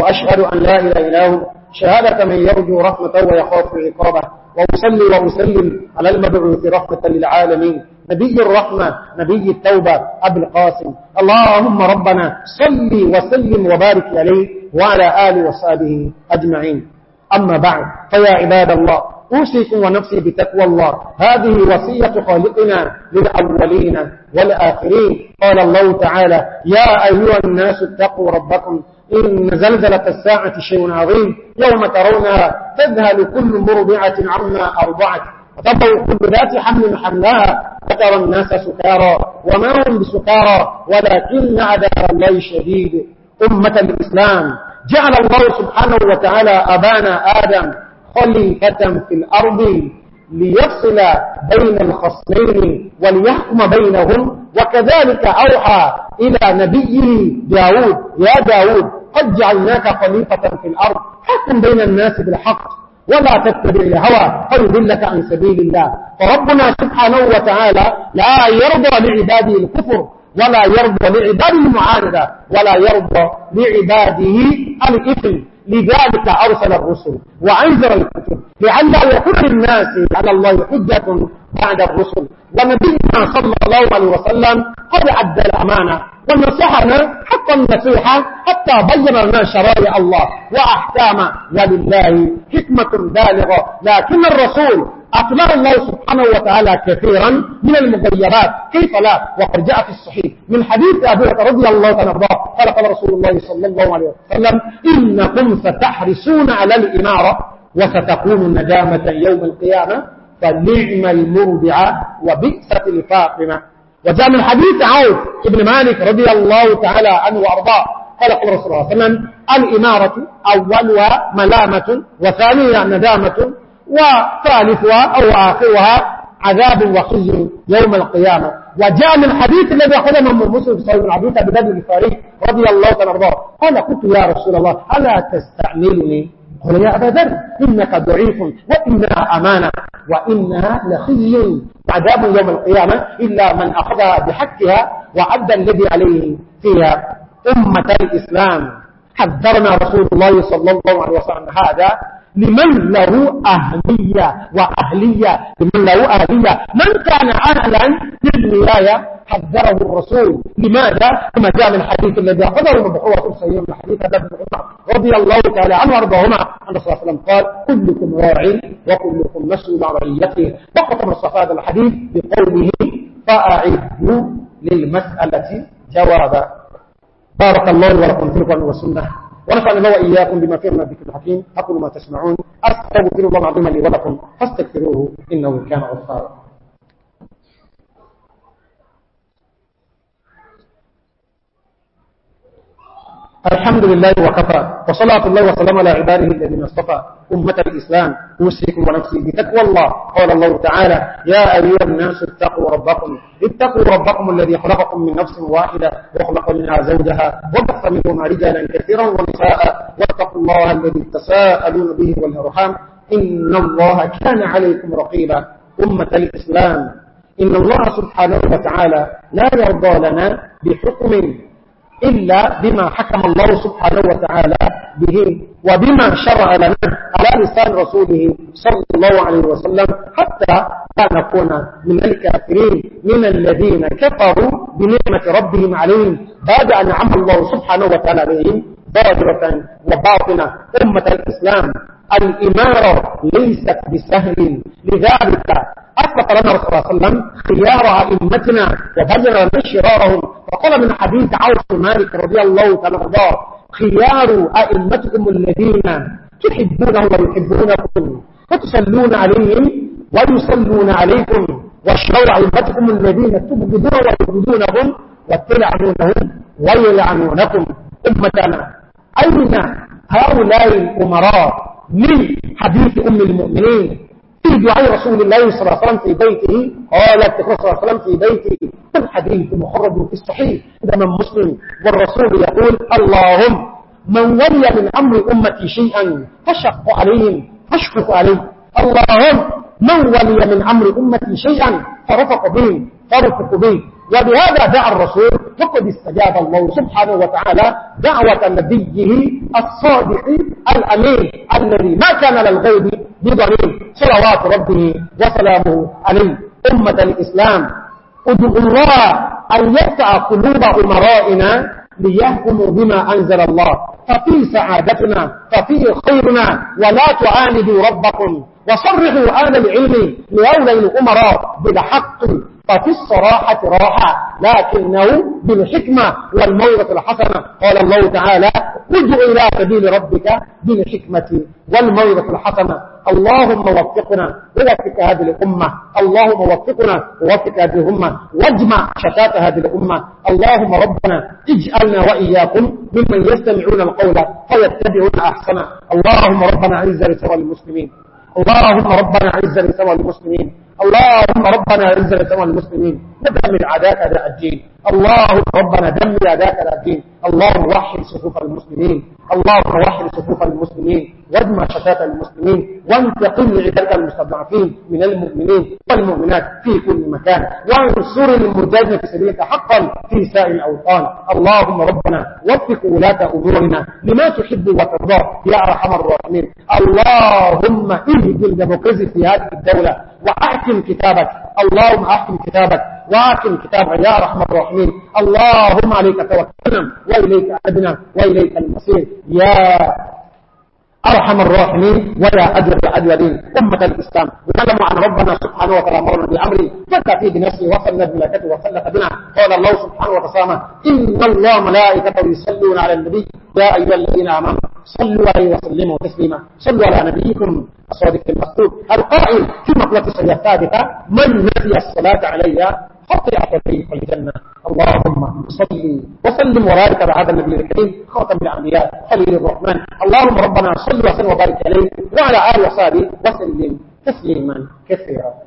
A: وأشهد أن لا إله إله شهادة من يرجو رحمة ويخاف عقابه وأصلي وأسلم على المبعوث رحمة للعالمين نبي الرحمة نبي التوبة أبو القاسم اللهم ربنا صلي وسلم وبارك عليه وعلى آله وصحبه أجمعين أما بعد فيا عباد الله أوصيكم ونفسي بتقوى الله هذه وصية خالقنا للأولين والآخرين قال الله تعالى يا أيها الناس اتقوا ربكم إن زلزلة الساعة شيء عظيم يوم ترونها تذهل كل مربعة عما أربعة وتضعوا كل ذات حمل حملها فترى الناس سكارى وما هم بسكارى ولكن عذاب الله شديد أمة الإسلام جعل الله سبحانه وتعالى أبانا آدم خليفة في الأرض ليفصل بين الخصمين وليحكم بينهم وكذلك أوحى إلى نبيه داود يا داود قد جعلناك خليفة في الأرض حكم بين الناس بالحق ولا تتبع الهوى فيضلك عن سبيل الله فربنا سبحانه وتعالى لا يرضى لعباده الكفر ولا يرضى لعباده المعارضة ولا يرضى لعباده الإثم لذلك أرسل الرسل وأنزل الكتب لان يكون الناس على الله حجة بعد الرسل ونبينا صلى الله عليه وسلم قد أدى الأمانة ونصحنا حتى النصيحة حتى بين لنا شرائع الله وأحكامه ولله حكمة بالغة لكن الرسول أطلع الله سبحانه وتعالى كثيرا من المغيبات كيف لا وقد جاء في الصحيح من حديث أبي رضي الله عنه قال قال رسول الله صلى الله عليه وسلم إنكم ستحرسون على الإمارة وستكون ندامة يوم القيامة فنعم المربعة وبئسة الفاقمة وجاء من حديث عوف ابن مالك رضي الله تعالى عنه وأرضاه قال قال رسول الله صلى الله عليه وسلم الإمارة أولها ملامة وثانيها ندامة وثالثها أو آخرها عذاب وخزي يوم القيامة وجاء من الحديث الذي أخذ من مسلم صلى الله عليه وسلم رضي الله تعالى عنه قال قلت يا رسول الله ألا تستعملني قال يا أبا ذر إنك ضعيف وإنها أمانة وإنها لخزي عذاب يوم القيامة إلا من أخذها بحقها وعد الذي عليه فيها أمة الإسلام حذرنا رسول الله صلى الله عليه وسلم هذا لمن له أهلية وأهلية لمن له أهلية من كان أهلا الولاية حذره الرسول لماذا؟ كما جاء من الحديث الذي أخذه مبحوة سيئة من الحديث أبا بن عمر رضي الله تعالى عنه وارضاهما أن صلى الله عليه وسلم قال كلكم راعي وكلكم مسؤول عن رعيته وختم الصفاء هذا الحديث بقوله فأعدوا للمسألة جوابا بارك الله ولكم في القرآن والسنة ونفعل الله وإياكم بما فيه من الحكيم أقول ما تسمعون أستغفر الله العظيم لي ولكم فاستغفروه إنه كان غفارا الحمد لله وكفى وصلاة الله وسلام على عباده الذين اصطفى أمة الإسلام أوصيكم ونفسي بتقوى الله قال الله تعالى يا أيها الناس اتقوا ربكم اتقوا ربكم الذي خلقكم من نفس واحدة وخلق منها زوجها وبث منهما رجالا كثيرا ونساء واتقوا الله الذي تساءلون به والأرحام إن الله كان عليكم رقيبا أمة الإسلام إن الله سبحانه وتعالى لا يرضى لنا بحكم إلا بما حكم الله سبحانه وتعالى به وبما شرع لنا على لسان رسوله صلى الله عليه وسلم حتى لا نكون من الكافرين من الذين كفروا بنعمة ربهم عليهم بعد أن عم الله سبحانه وتعالى بهم بادرة وباطنة أمة الإسلام الإمارة ليست بسهل لذلك أطلق لنا رسول الله صلى الله عليه وسلم خيار أئمتنا وبذل شرارهم وقال من حديث عوف مالك رضي الله تعالى عنه خيار أئمتكم الذين تحبونهم ويحبونكم فتسلون عليهم ويصلون عليكم واشروا أئمتكم الذين تبغضون ويبغضونهم وتلعنونهم ويلعنونكم أمتنا أين هؤلاء الأمراء من حديث أم المؤمنين في دعاء رسول الله صلى الله عليه وسلم في بيته قالت في صلى الله عليه وسلم في بيته الحديث المخرج في الصحيح إذا من مسلم والرسول يقول اللهم من ولي من أمر أمتي شيئا فشق عليهم فاشفق عليه اللهم من ولي من أمر أمتي شيئا فرفق بهم فرفق بهم وبهذا دعا الرسول فقد استجاب الله سبحانه وتعالى دعوة نبيه الصادق الأمين الذي ما كان للغيب بضرير صلوات ربه وسلامه عليه أمة الإسلام ادعوا الله أن يفتع قلوب أمرائنا ليهكموا بما أنزل الله ففي سعادتنا ففي خيرنا ولا تعاندوا ربكم وصرحوا آل العلم لأولين الأمراء بالحق ففي الصراحة راحة لكنه بالحكمة والموضة الحسنة قال الله تعالى ادع إلى سبيل ربك بالحكمة والموضة الحسنة اللهم وفقنا ووفق هذه الأمة اللهم وفقنا ووفق هذه الأمة واجمع شتات هذه الأمة اللهم ربنا اجعلنا وإياكم ممن يستمعون القول فيتبعون أحسنه اللهم ربنا عز لسوى المسلمين اللهم ربنا عز لسوى المسلمين اللهم ربنا انزل ثمن المسلمين دمر عداك أداء الدين اللهم ربنا دمر عداك أداء الدين اللهم وحي صفوف المسلمين اللهم وحي صفوف المسلمين وادمع شتات المسلمين وانتقم لعداك المستضعفين من المؤمنين والمؤمنات في كل مكان وانصر المجاهدين في سبيلك حقا في سائر الأوطان اللهم ربنا وفق ولاة أمورنا لما تحب وترضى يا أرحم الراحمين اللهم اهد الديمقراطية في هذه الدولة وأحكم كتابك اللهم أحكم كتابك واتم كتابها يا رحمة الرحمن اللهم عليك توكلنا وإليك أدنا وإليك المصير يا أرحم الراحمين ولا أجر الأجلين أمة الإسلام نعلم عن ربنا سبحانه وتعالى أمرنا بأمره فكى فيه بنفسه وصلنا بملكته وخلق بنا قال الله سبحانه وتعالى إن الله ملائكته يصلون على النبي يا أيها الذين آمنوا صلوا عليه وسلموا تسليما صلوا على نبيكم الصادق المكتوب القائل في مقلة الصلاة الثابتة من نسي الصلاة علي حتى يحصل في الجنة اللهم صل وسلم وبارك على هذا النبي الكريم خاتم الأنبياء خليل الرحمن اللهم ربنا صل وسلم وبارك عليه وعلى آله وصحبه وسلم تسليما كثيرا